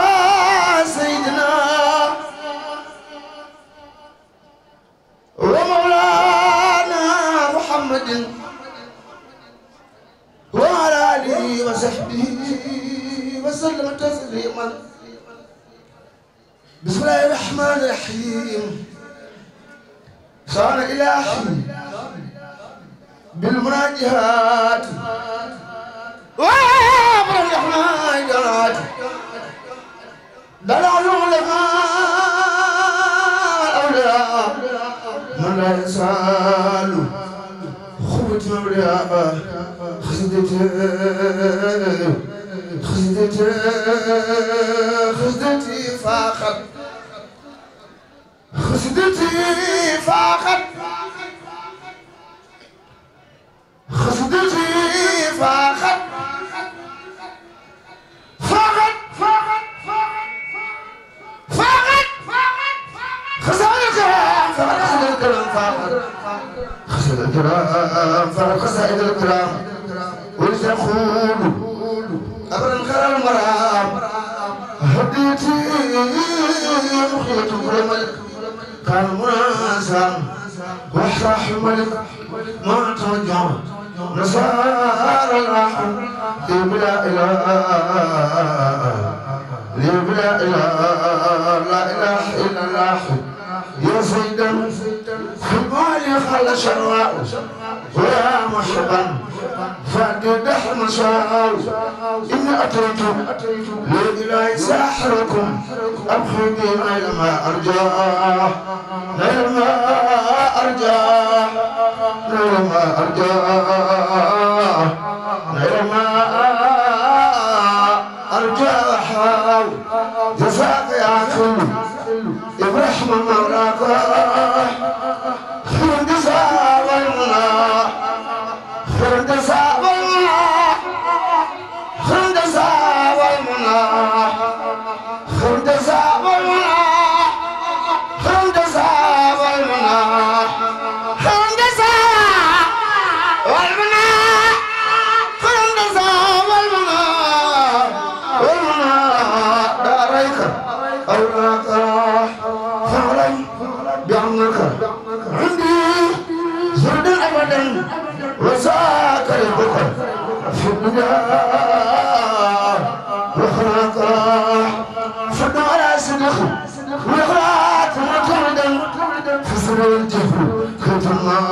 بسم الله الرحمن الرحيم صار إلهي بالمناجهات وابر الرحمن جرات دلال العلماء الأولياء من لا يسأل خوت مبرياء خزدتي خزدتي خزدتي فاخر خصدتي فاقت خصدتي فاقت فاقت فاقت فاقت خسر الكرام فقد خسر الكرام فاقت خسر الكرام فقد خسر الكرام ولتقول أبر الغرام مرام هديتي أخية كرم الكرام قال منازل واحرح ملك ما ترجع نصار الأحد بلا إله لا إله إلا الله دخل شرواء ويا مشرقا فاتدح مساء إني أتيت لإله ساحركم أبخذي غير ما أرجاه غير ما أرجاه غير ما أرجاه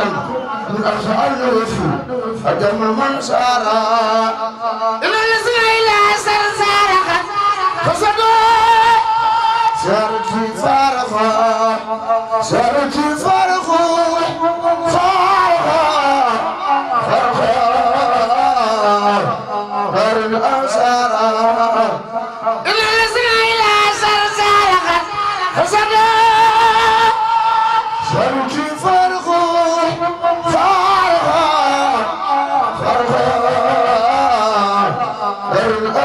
حقا من أخشى الرسول أجمل من سارا إلى الذين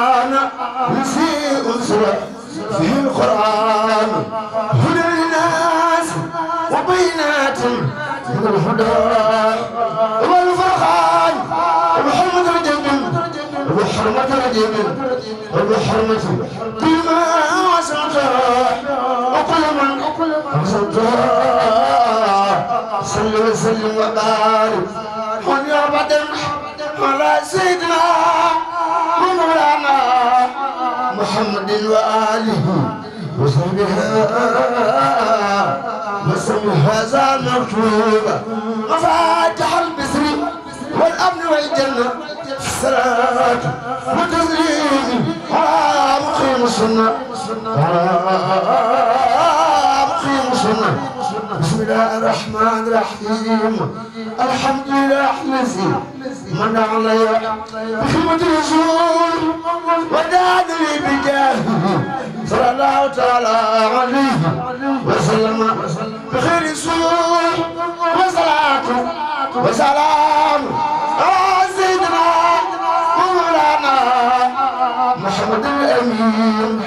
القرآن وفي أسوة فيه القرآن هدى للناس وبينات من الهدى والفرقان وبحرمة رجب وبحرمة رجب وبحرمة بما وسعت وكل من وسعت صلى وسلم وبارك من يعبد على سيدنا محمد وآله وصحبها وسم هذا المطلوب مفاتح البسر والأمن والجنة الصلاة والتسليم على مقيم السنة على مقيم السنة يا الرحمن الرحيم الحمد لله الذي من علي بحمد الرسول ودعني بجاهه صلى الله تعالى عليه وسلم بخير سور وصلاة وسلام على سيدنا ومولانا محمد الأمين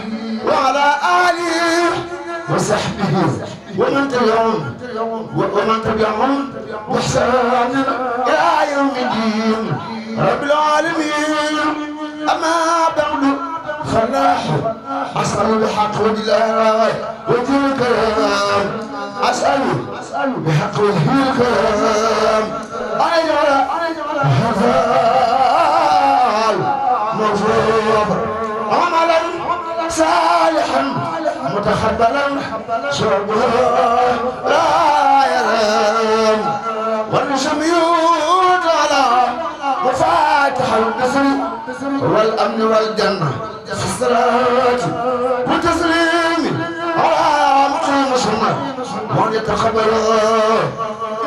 وعلى آله وصحبه ومن تبعهم ومن تبعهم بإحسان إلى يوم الدين رب العالمين أما بعد فلاح أسأل بحق الله وجه الكرام أسأل بحق وجه الكرام أن يجعل هذا المفروض عملا صالحا متقبلا شربا لا السلام وانشم يود على وفاتح القسم والأمن والجنة في الصلاة وتسليم على مقيم السنة وأن يتقبل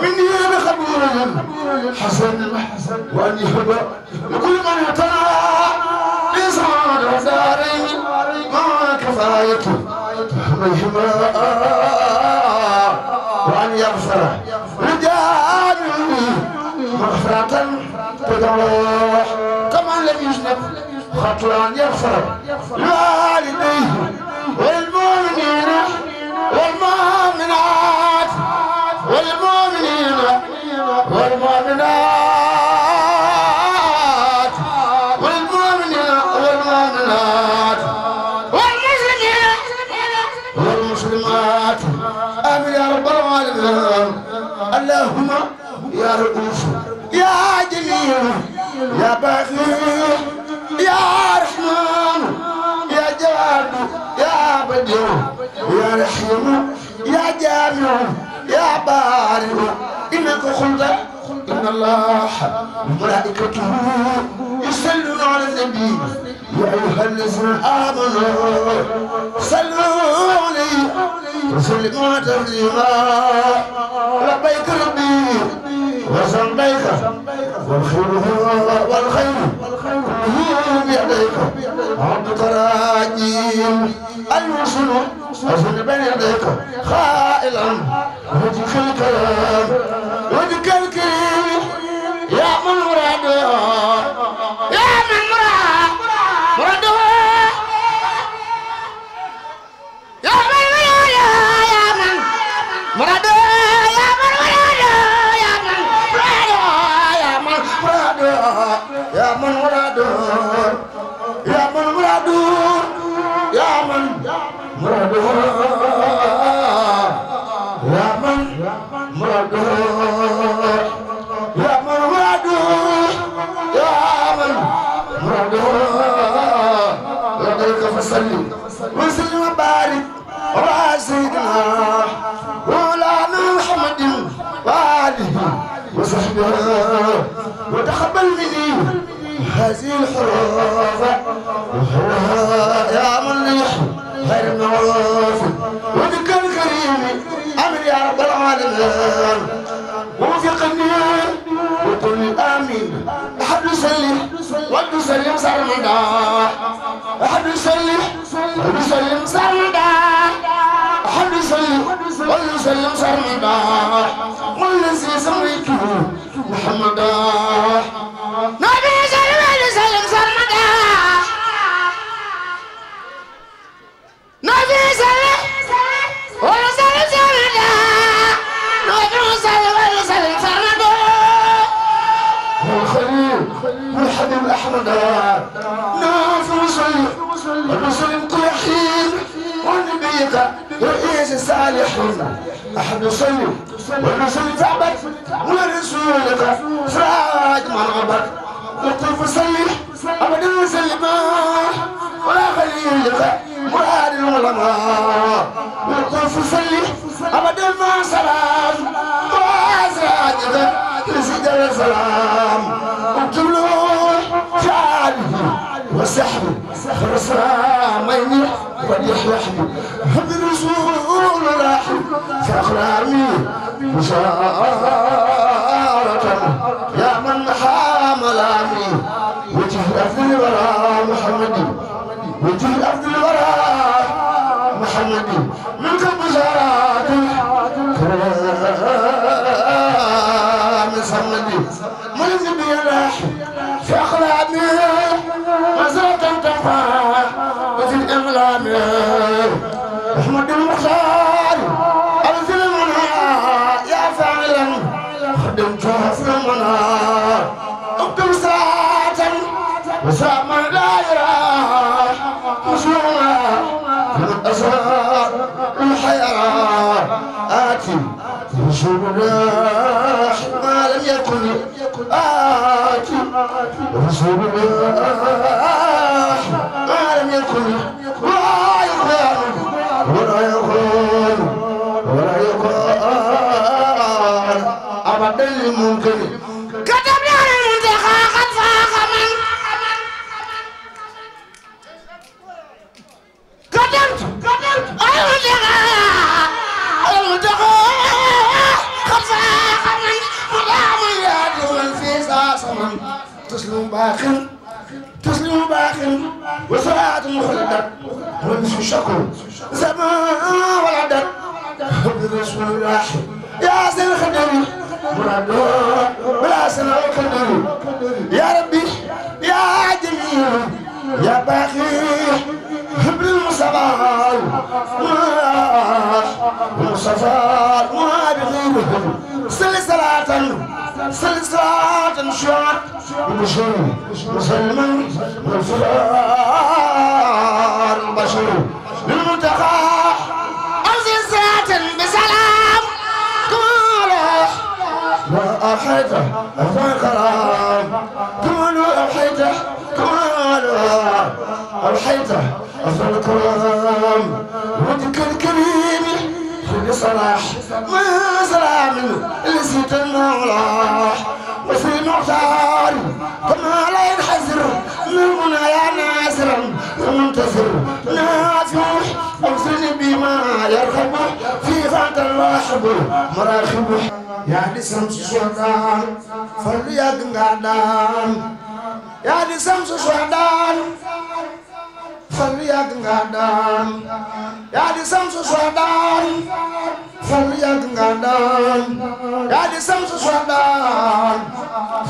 مني بقبول حسن وأن يحب لكل من اعتنى بإسعاد دارين ما كفايته من حماء وأن يغفر رجال مغفرة تدعوه كما لم يجنب خطل أن يغفر لوالديه والمؤمنين والمؤمنات والمؤمنين والمؤمنات رؤوف يا جليل يا بخير يا رحمن يا جواد يا بديع يا رحيم يا جامع يا بارئ إنك خلد إن الله ملائكته يصلون على النبي يا أيها الذين آمنوا صلوا عليه وسلموا تسليما لبيك وسميك والخير والخير كله بيديك عبدك راجيم المرسل أزل بين يديك خائلا وجهك الكريم وجهك الكريم مرادور يا من مرادور سلم سرمدا أحد سلم أحد سلم سرمدا أحد سلم أحد سلم سرمدا والذي سميته محمدا صالح أحد صلي والرسول تعبد والرسول فراج من عبد القلب صلي أبدا سلما ولا خليلك مراد العلماء والقلب صلي أبدا ما سلام وأزواجك تسجد السلام وكله شعبه وسحب فرسا ميني قد يحلحب هب الرسول لاحب فأخلامي بشارة يا من حاملاني وجه الأفضل ولا محمد وجه الأفضل رسول الله لم يكن ولا يقال ولا يقال ولا يقال أبدا الممكن باخر تسلم باخر وساعة خلدت ونس شكر سماء ولدت حب الرسول الواحد يا سن خدم مراد بلا سنة وقدر يا ربي يا عدل يا باخر حب المصطفى المصطفى ما بغيره صل صلاة سلسات شعر بشر مسلما والفرار بشر للمتقى عزيزات بسلام قوله وأحيته أفكرام قولوا أحيته قولوا أحيته أفكرام وذكر كريم بصلاح ما سلام الذي تنولاح وفي معتار كما لا ينحسر من يا ناصر ومنتصر ناجح اوصني بما يرغب في فات الراحب مراخب يا لسمس الشهدان فليا قنقعدان يا لسمس الشهدان fallu yàgg nga daan yaa di samsu soo daan fallu yàgg nga daan yaa di samsu soo daan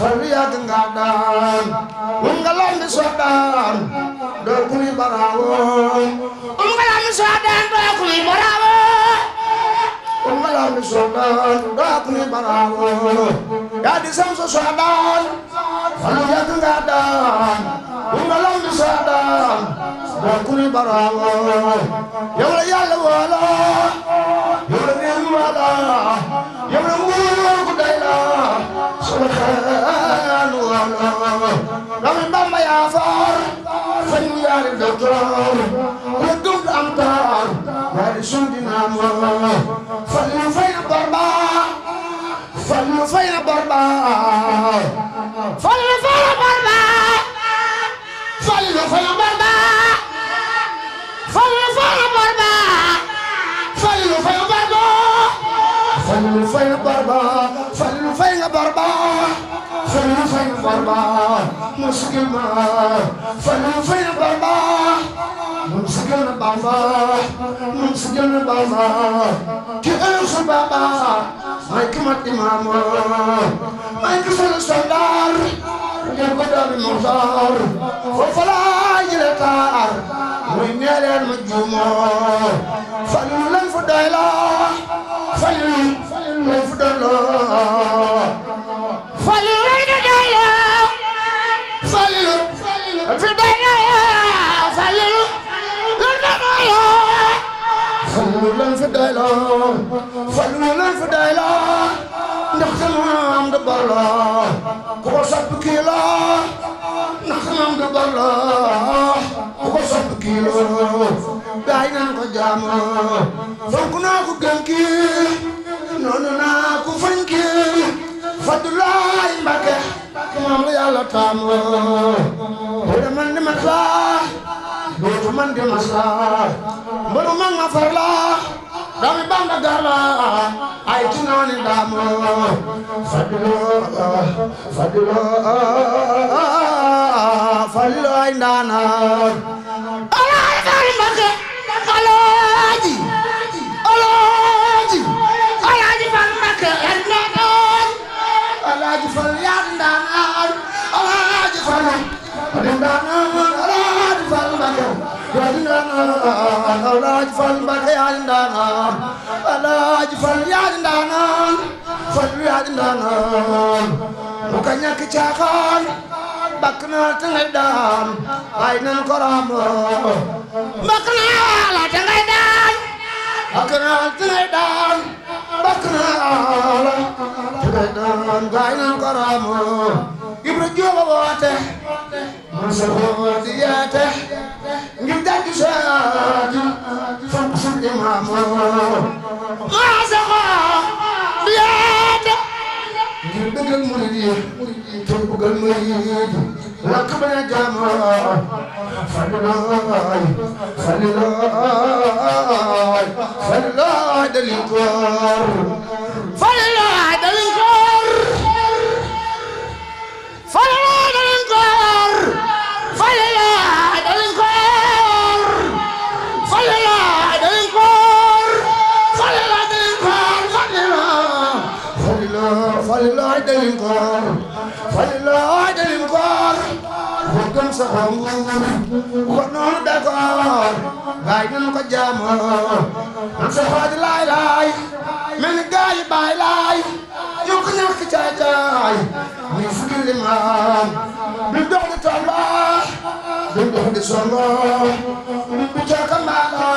fallu yàgg nga daan um nga lambi soo daan doo kuni baraawo um nga lambi soo daan doo kuni baraawo um nga lambi soo daan doo kuni baraawo yaa di samsu soo daan fallu yàgg nga daan ku ne baraam yow la yàlla wala yow la neex wala yow la nguur gu day la sama xel wala doomi Bamba yaa faar fañ yaari docteur ku gëm am taar yaari sundi naam wala fal ñu fay na bor ba fal ñu fay na bor ba fal ñu fay na bor ba fal ñu fay na bor fallu fallu barba fallu fay nga barba fallu fay nga barba fallu fay nga barba fallu fay nga barba muskil ma fallu fay nga barba muskil na barba muskil na barba ki ëlu su baba may ki mat imam may ki sunu standard ngeen ko daal di muxtaar foofu laa jëlee taar muy ñeeleel mu juumoo falilu lañ fu doy loo falilu falilu lañ fu doy loo falilu lañ fu doy loo falilu fu doy loo falilu lañ fu doy loo falilu lañ fu doy loo falilu lañ fu doy loo ndax xamam du bor loo ku ko sopp kii loo ndax xamam du bor loo baay naa ko jaamoo fonk naa ko gànki noonu naa ko fanki Fadulaay Mbàkke moom la yàlla taamoo wala man de ma saa dootu man de ma saa mbalu mag ma ay ci noonu daamoo Faduloo Faduloo Fadulaay ndaanaan ka yandaan alaaji fal yandaan alaaji fal yandaan alaaji fal mbakew yandaan alaaji fal mbake yandaan alaaji fal yandaan fal yandaan bu ka ñàkk caaxaan bakk naa te ngay daan ay nan ko raam bakk naa la te ngay daan bakk naa te ngay daan akraala te bay naan gaay naan karamo ibra jooba woote man sa di yeete ngir dajju saati fonk sun imaamu maa sa xaa di yeete ngir bëggal murid yi tey bëggal murid yi رقبنا جماعة فلله فلله فلله عدل الكار فلله عدل الكار فلله عدل الكار فلله عدل الكار فلله عدل الكار فلله عدل الكار فلله فلله عدل الكار فلله عدل الكار gën saxal kon noonu d'accord waaye dinañ ko jaamoo man sa laay laay mel ni baay laay ñoo ko ñàkk caay caay muy fukki limaam du dox di tomba du dox di songo du cooka mbaala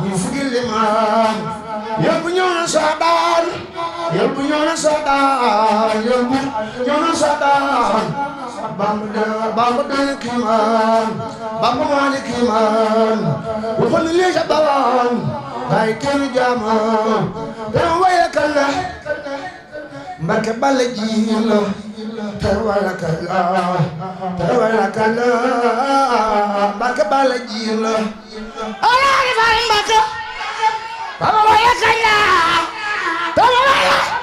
muy fukki limaam yóbbu ñëw na soodaan yóbbu ñëw na soodaan yóbbu ñëw na soodaan بامدا بامدا كمان بامدا كمان وكل اللي جبان باي كل جمان دم ويا كلا مركب الجيل ترولا كلا ترولا كلا مركب الجيل أنا أعرف عن مركب بابا ويا كلا بابا ويا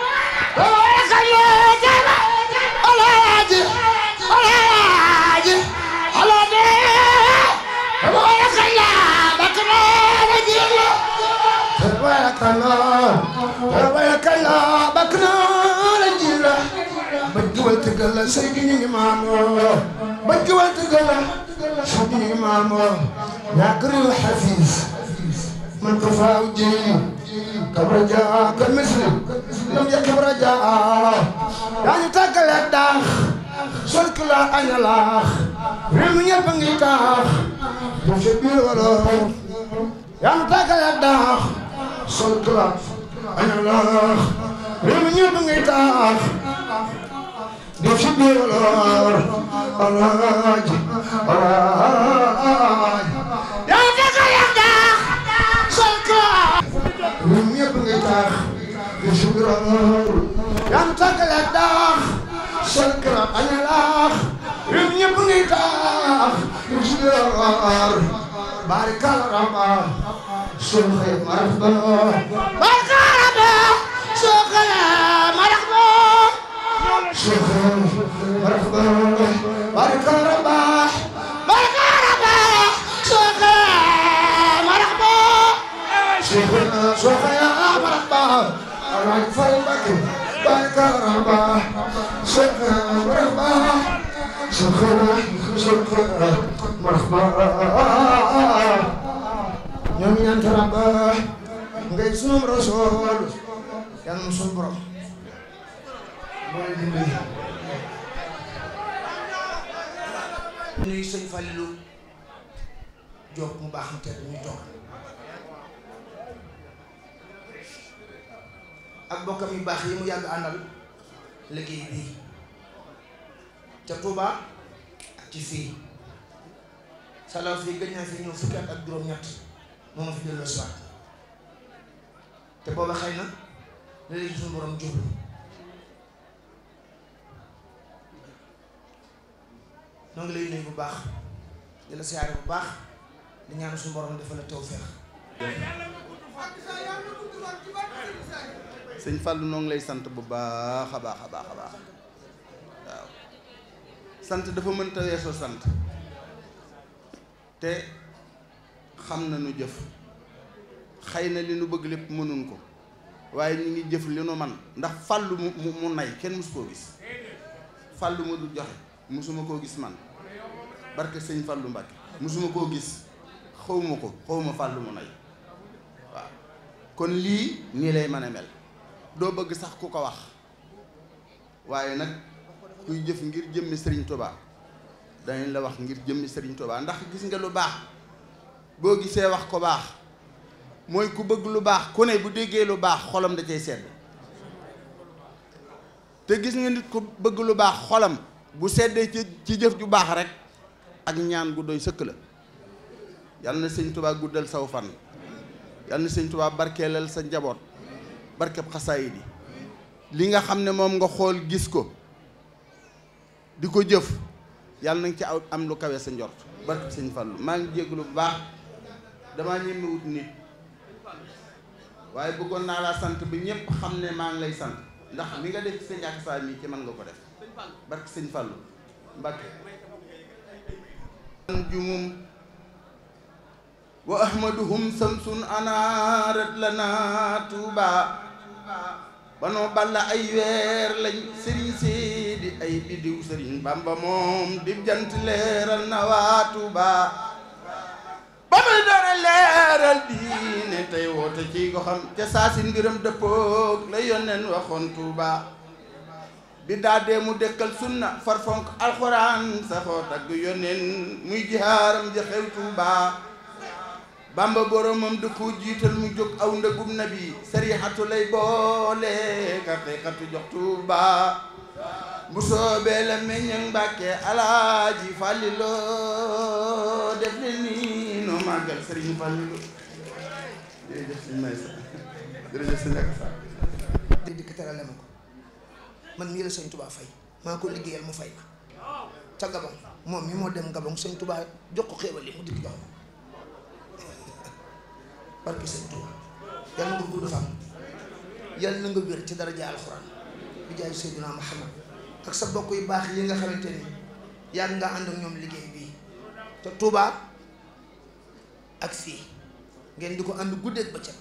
حقنا ربيك يا بكنا رجيرا بجوال تقلا سيدي إمامو بجوال تقلا سيدي إمامو يا كريم الحفيظ من كفاء الجيل كبرجاء كالمسلم لم يكن رجاء يعني تاكل الداخ سلك لا أنا لاخ رم يبني تاخ بجبير ولو يعني تاكل الداخ solkla aña laax réew mi ñëpp ngay taax di fi biiloor alaaj alaaj yaa fekk yaa daax solkla réew mi ñëpp ngay taax di fi biiloor yaa fekk yaa daax solkla aña laax réew mi ñëpp ngay taax di fi biiloor barikal rama شوخي مرحبا مرحبا شوخي مرحبا شوخي مرحبا مرحبا مرحبا شوخي مرحبا شوخي شوخي مرحبا راك فلمك مرحبا شوخي مرحبا شوخي شوخي مرحبا ñoom ñanta rabba ngay sunum rasool yàlla mu sun borom mooy dimbali nuyu sëñ Fallou Diop mu baax te ñu toog ak bokkam yu baax yi mu yàgg àndal liggéey bii ca Touba ak ci fii salaf yi gëj naa fi ñëw fukki at ak juróom-ñett moom fi delloo si waat te booba xëy na léeg-léeg suñu borom jublu noo ngi lay bu baax di la siyaare bu baax di ñaan suñu noo lay sant bu baax a baax a baax a baax waaw sant dafa mënta weesoo sant te xam na nu jëf xëy na li nu bëgg lépp mënuñ ko waaye ñu ngi jëf li nu man ndax fàllu mu mu nay kenn mosu koo gis fàllu mu du joxe mosuma koo gis man barke sëñ fàllu Mbàkke mosuma koo gis xawuma ko xawma fàllu mu nay waaw kon lii nii lay mën a mel doo bëgg sax ku ko wax waaye nag kuy jëf ngir jëmmi sëriñ tobaa danañ la wax ngir jëmmi sëriñ tobaa ndax gis nga lu baax boo gisee wax ko baax mooy ku bëgg lu baax ku ne bu déggee lu baax xolam da cay sedd te gis nga nit ku bëgg lu baax xolam bu seddee ci ci jëf ju baax rek ak ñaan gu doy sëkk la yal na sëñ Tuubaa guddal saw fan yal na sëñ tubaab barkeelal sa njaboot barkeb xasaayid yi li nga xam ne moom nga xool gis ko di ko jëf yal na nga ci aw am lu kawe sa njort barkeb sëñ Fallu maa ngi jégalu bu baax damaa ñemewut nit waaye bëggoon naa laa sant bi ñëpp xam ne maa ngi lay sant ndax li nga def sëñ ak saa mii ci mën nga ko def barke sëñ Fallou Mbacke jumum wa ahmaduhum samsun anaarat balla ay weer lañ sëriñ sëriñ Bamba moom di jant leeral na waa tuuba leeral diine tey woote ci ko ca saa si mbiram la yónneen waxoon Tuubaa bi daadee mu dëkkal sunna farfonk alxuraan saxoo tagg yónneen muy jihaaram ja xew Tuubaa bamba boromam du ko jiital mu jóg aw ndëggum nabi sarixatu lay boole xaqiiqatu jox Tuubaa bu soobee la meññeek Mbàkke alaaji Fàllilu def li nii màggal Sëriñ Fàllilu jërëjëf sëñ Maysa jërëjëf sëñ Akassa. di dikk terale ma ko man mii la sëñ Touba fay maa ko liggéeyal mu fay ma ca Gabon moom mi moo dem Gabon sëñ Touba jox ko xéewal yi mu dikk jox ma barke sëñ Touba yàlla na nga wér ci daraja alxuraan bi jaay Seydina Muhammad ak sa bokk yu baax yi nga xamante ni yàgg nga ànd ak ñoom liggéey bii te Touba ak fii. ngeen di ko ànd guddeeg bëccëg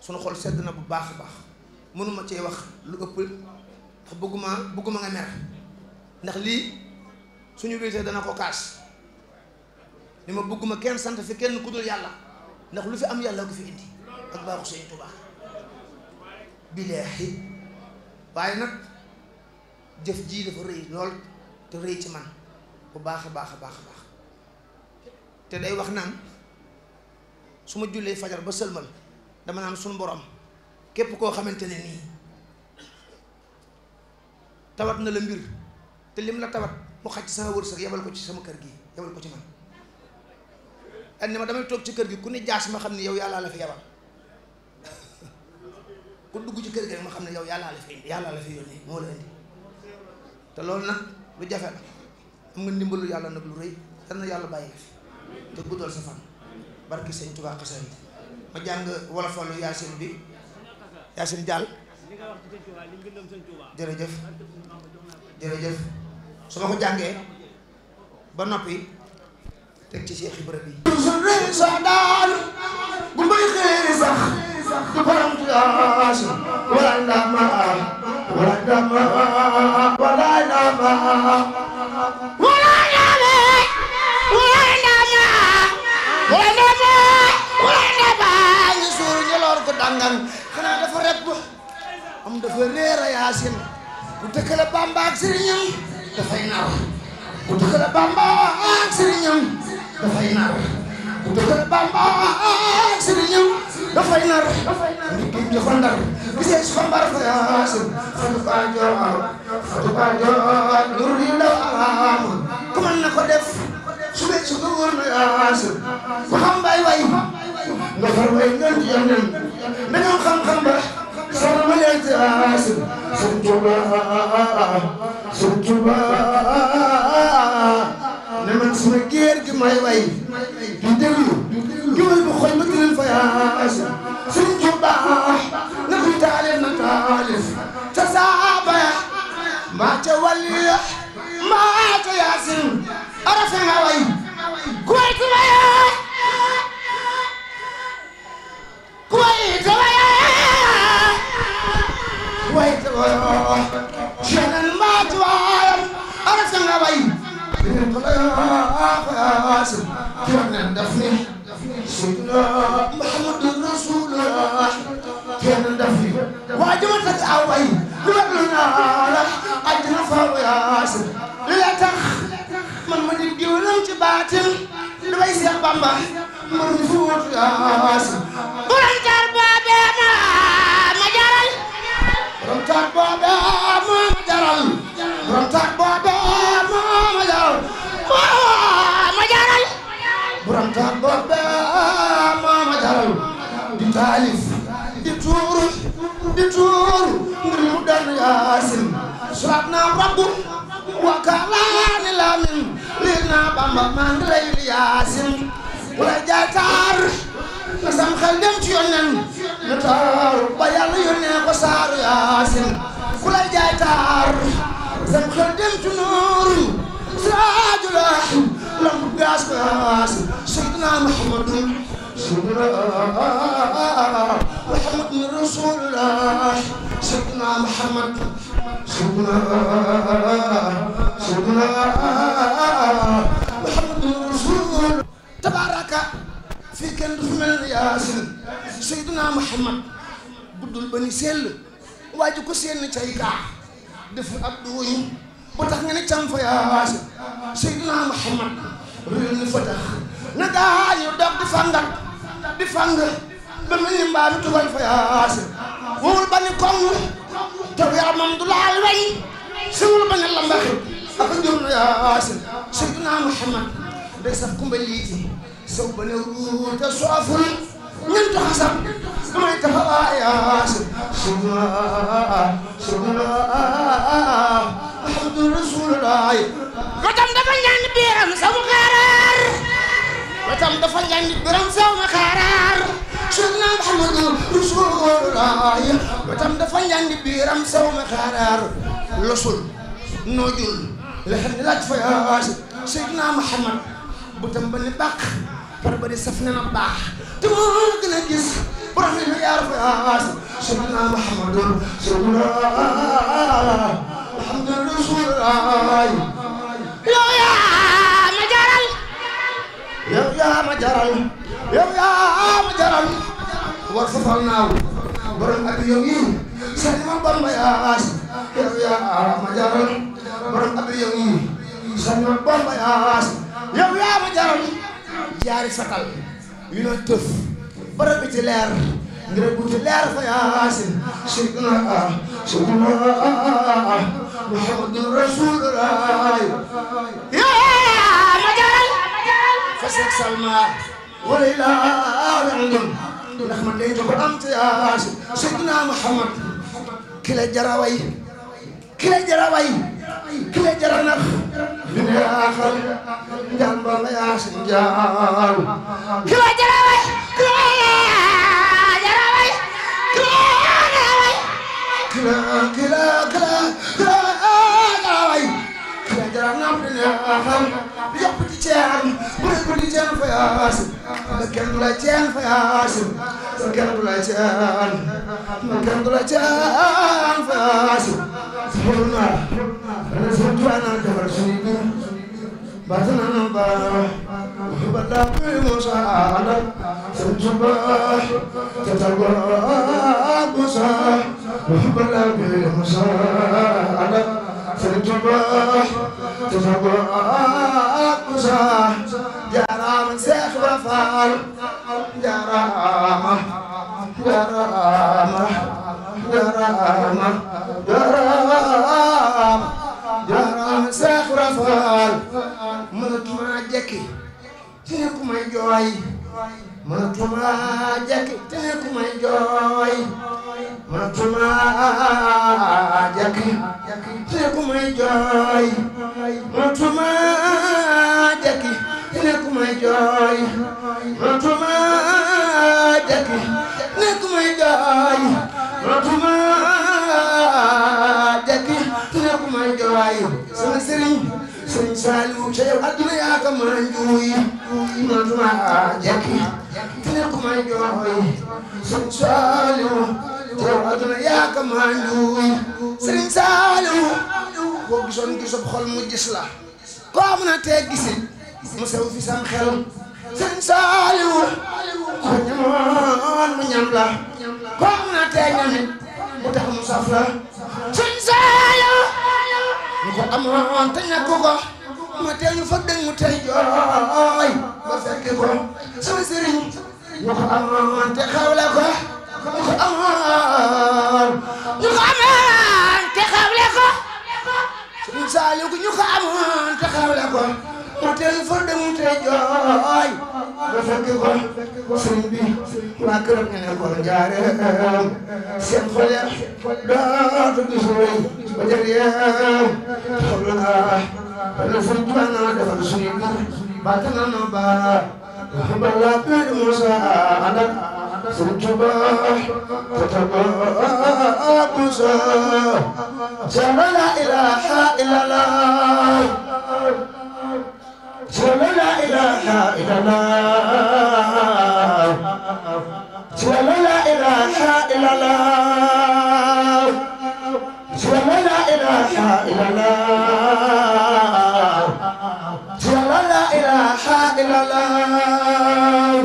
sunu xol sedd na bu baax a baax mënuma cee wax lu ëpp ndax bëgguma bëgguma nga mer ndax lii suñu wéetee dana ko kaas li ma bëgguma kenn sant fi kenn ku dul yàlla ndax lu fi am yàlla ko fi indi ak baaxu sëñ Tuubaa bileexi waaye nag jëf jii dafa rëy lool te rëy ci man bu baax a baax a baax baax te day wax naan su ma jullee fajar ba sëlmal dama naan suñ borom képp koo xamante ne nii tawat na la mbir te lim la tawat mu xaj sama wërsëg yebal ko ci sama kër gi yebal ko ci man ak ne ma damay toog ci kër gi ku ne jaas ma xam ne yow yàllaa la fi yebal dugg ci kër gi ma xam ne yow yàllaa la fi yàllaa la moo la indi te loolu nag lu jafe la am nga ndimbalu yàlla nag lu rëy na yàlla bàyyi la fi te guddal sa fan barki sëñ Tuubaa xasida yi ma jàng wolofalu yaasin bi yaasin jàll jërëjëf jërëjëf su ma ko jàngee ba noppi teg ci Cheikh Ibra bi sax daal bu may xëy sax du borom tuyaas wala ndama wala ndama wala ndama dafa réer a yaasin ku dëkkale Bamba ak sëriñam dafay nar ku dëkkale Bamba ak sëriñam dafay nar ku dëkkale Bamba ak sëriñam dafay nar ndigim di xondar gisee su xambar fa yaasin fatu ka joor fatu ka joor nuru di ndaw alaam ku mën na ko def su dee su ko wóor na yaasin ku xam bay way nga far way ngeen di yandeen na xam-xam ba sama yaas Sëriñ Tuuba Sëriñ Tuuba ne man sama géer gi may way di déglu géwél bu xoy ma gënal fa yaas Sëriñ Tuuba na fi taalif na taalif ta saaba ya maa ca wàlli maa ca yaasin arafe nga way way ceeɗen mbatowayam aɗa sanga way bilkolasum kenen dafni sunna mahamadou rasulullah kenen dafni wajumatati a way luwaɗlunala addina fawoyasum lila tax man mani diwlam ci batil ɗumay seex bamba mbarum fuut yasum borom jar boɓema borom taag boobee moo ma jaral borom taag boobee moo ma jaral moo ma jaral borom taag boobee moo ma jaral di taalif di tuuru di tuuru ngir mu dan yaasin surat naa rabbu wa kalaani lamin liir naa bamba maa ngi lay yaasin ku la jaataar sam xel dem ci yónneen lu taaru ba yàlla yónnee ko saaru yaasin ku lay jaay taar sam xel dem ci nuur siraaju la lamp gaas gaas sayyidina Muhammadu sayyidina Muhammadu rasulullah sayyidina Muhammad sayyidina sayyidina fii kenn du fi mel ne yaasin sayduna muhammad buddul ba ni sell waa ji ko seen cay gaa def ab duuñu ba tax nga ne cam fa yaasin sayduna muhammad réew mi fa tax na ba mel ni fa yaasin wowul ba ni koŋ taw yaramam du laal weñ sewul ba ni lambaxi ak jur yaasin sayduna muhammad day saf kumba liiti سبني تصعفون من تحسب من تحاياس سبنا سبنا أحمد رسول الله وتم دفن جان بيرم سو مقرار وتم دفن جان بيرم سو مقرار سيدنا محمد رسول الله وتم دفن جان بيرم سو مقرار لصل نوجل لحن لا تفياس سيدنا محمد بتم بني بق par bari saf na na baax te moo gën a gis borom yi yaa rafaas sayyidina Muhammadun rasulullah Muhammadun rasulullah yow yaa ma jaral yow yaa ma jaral yow yaa ma jaral war safal naaw borom ak yow yi sayyidina Bamba yaas yow yaa ma jaral borom ak yow yi sayyidina Bamba yaas yow yaa ma jaral jaari satal yu na tëf barab bi ci leer ngir buuti leer fa yaasin sirkna sirkna muhammadun rasulullah yaa ma jaral fa seeg salma wala ilaa andon ndax man day ko am ci yaasin sirkna muhammad kila jaraway kila jaraway kile jaranax min yaaxal njaan balla yaasin njaaru kile jaraway kile jaraway kile jaraway kile kile kile kile jaraway kile jaranax min yaaxal yëpp di ceen bu ne ko di ceen fa yaasin ma kenn du la ceen fa yaasin ma kenn du la ceen ma kenn du la ceen fa yaasin xool naa ana santu ana defar suñu biir batana na ba ba daa koy Musa àndal santu ba tatal ba Musa ba daa koy Musa àndal santu ba tatal ba Musa jaaraama Seex Ibra Faal jaaraama jaaraama jaaraama daraam daraam Seex Rafaal mënatuma jekki te ku may jooy mënatuma jekki te ku may jooy mënatuma jekki te ku may jooy mënatuma jekki te ku may jooy waay sama sëriñ sëriñ Saliou ca yaa ko mën a njuuy mënatuma jekki te ne ko may jooy sëriñ Saliou ca yow adduna yaa ko mën a njuuy sëriñ Saliou boo gisoon gisub xol mu gis la koo mën a tee gisi mu sew fi xel sëriñ Saliou ko ñamoon mu ñam la koo mën a tee ñamit mu tax mu saf la sëriñ lu ko amoon te ñàkk ko ma tee ñu fa dégg mu tey jooy ba fekk ko sama sëriñ ñu ko amoon te xawle ko ñu ko amoon ñu ko amoon te xawle ko sëriñ Saaliw ñu ko amoon te xawle ko ma tee ñu fa dégg mu tey jooy ba fekk ko sëriñ bi waa këram ñu ne ko njaareem seen xol dootu gis وجريان حولها فنفرد أنا كفر سيدنا باتنا نبا وحب الله بن موسى أنا سنجبا فتبا موسى سلام لا إله إلا الله سلام لا إله إلا الله سلام لا إله إلا الله إلا الله يا لا لا إله إلا الله يا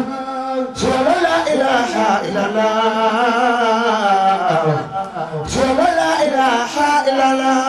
لا لا إله إلا الله يا لا لا إله إلا الله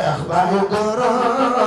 أخبار قرآن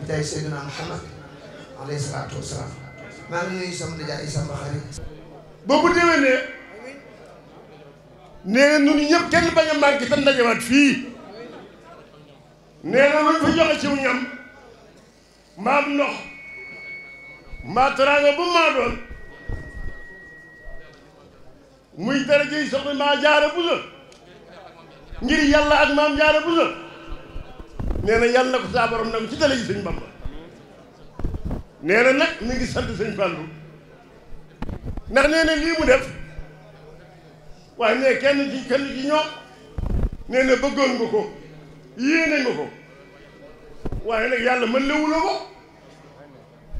bi jaay Seydina Muhammad alayhi salaatu wasalaam maa ngi nuyu sama nijaay sama xarit boobu déwénee nee na ñun ñëpp kenn bañ a manqué fii nee na luñ fa joxe ci ñam mbaam ndox mbaa teraanga bu maa doon muy dara jiy soxna maa jaara bu la ngir yàlla ak maam jaara bu la nee na yàlla na ko saa borom ci dale yi Bamba nee na nag mi ngi sant sëñ Fallou ndax nee na lii mu def waaye ne kenn ci kenn ci ñoo nee na bëggoon nga ko yéene nga ko waaye nag yàlla mën la ko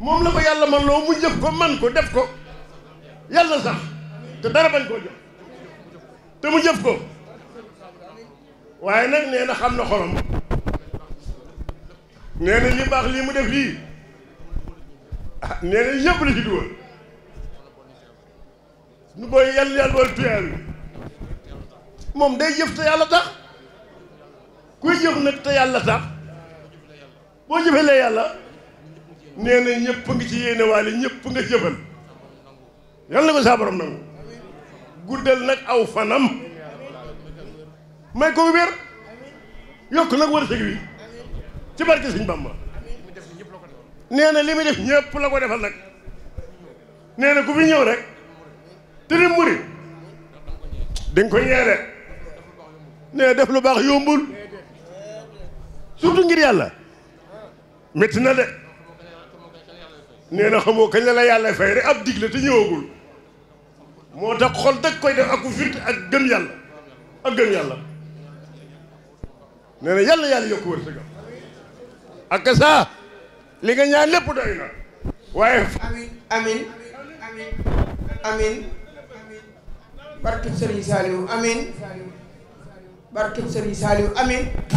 moom la ko yàlla man loo mu jëf ko man ko def ko yàlla sax te dara bañ koo jëf te mu jëf ko waaye nag nee na xam na xolam nee na baax lii mu def lii ah nee na yëpp la ci dugal booy yàlla yàlla wala tuyaal moom day jëf te yàlla tax kuy jëf nag te yàlla tax boo jëfalee yàlla nee na ñëpp ngi ci yéene waale ñëpp nga jëfal yàlla na ko saa borom nangu guddal nag aw fanam may ko wér yokk nag wërsëg wi ci barke Sëñ Bamba nee na li muy def ñëpp la ko defal nag nee na ku fi ñëw rek te di murit di nga ko ñeere nee def lu baax yombul surtout ngir yàlla metti na de nee na xamoo kañ la la yàlla fay rek ab dig la te ñëwagul moo tax xol dag koy def ak ku firti ak gën yàlla ak gëm yàlla nee na yàlla yàlla yokk wërsëgam ak saa li nga ñaan lépp doy na waaye. amin amin amin amin barkeb Serigne Saliou amin barkeb Serigne Saliou amin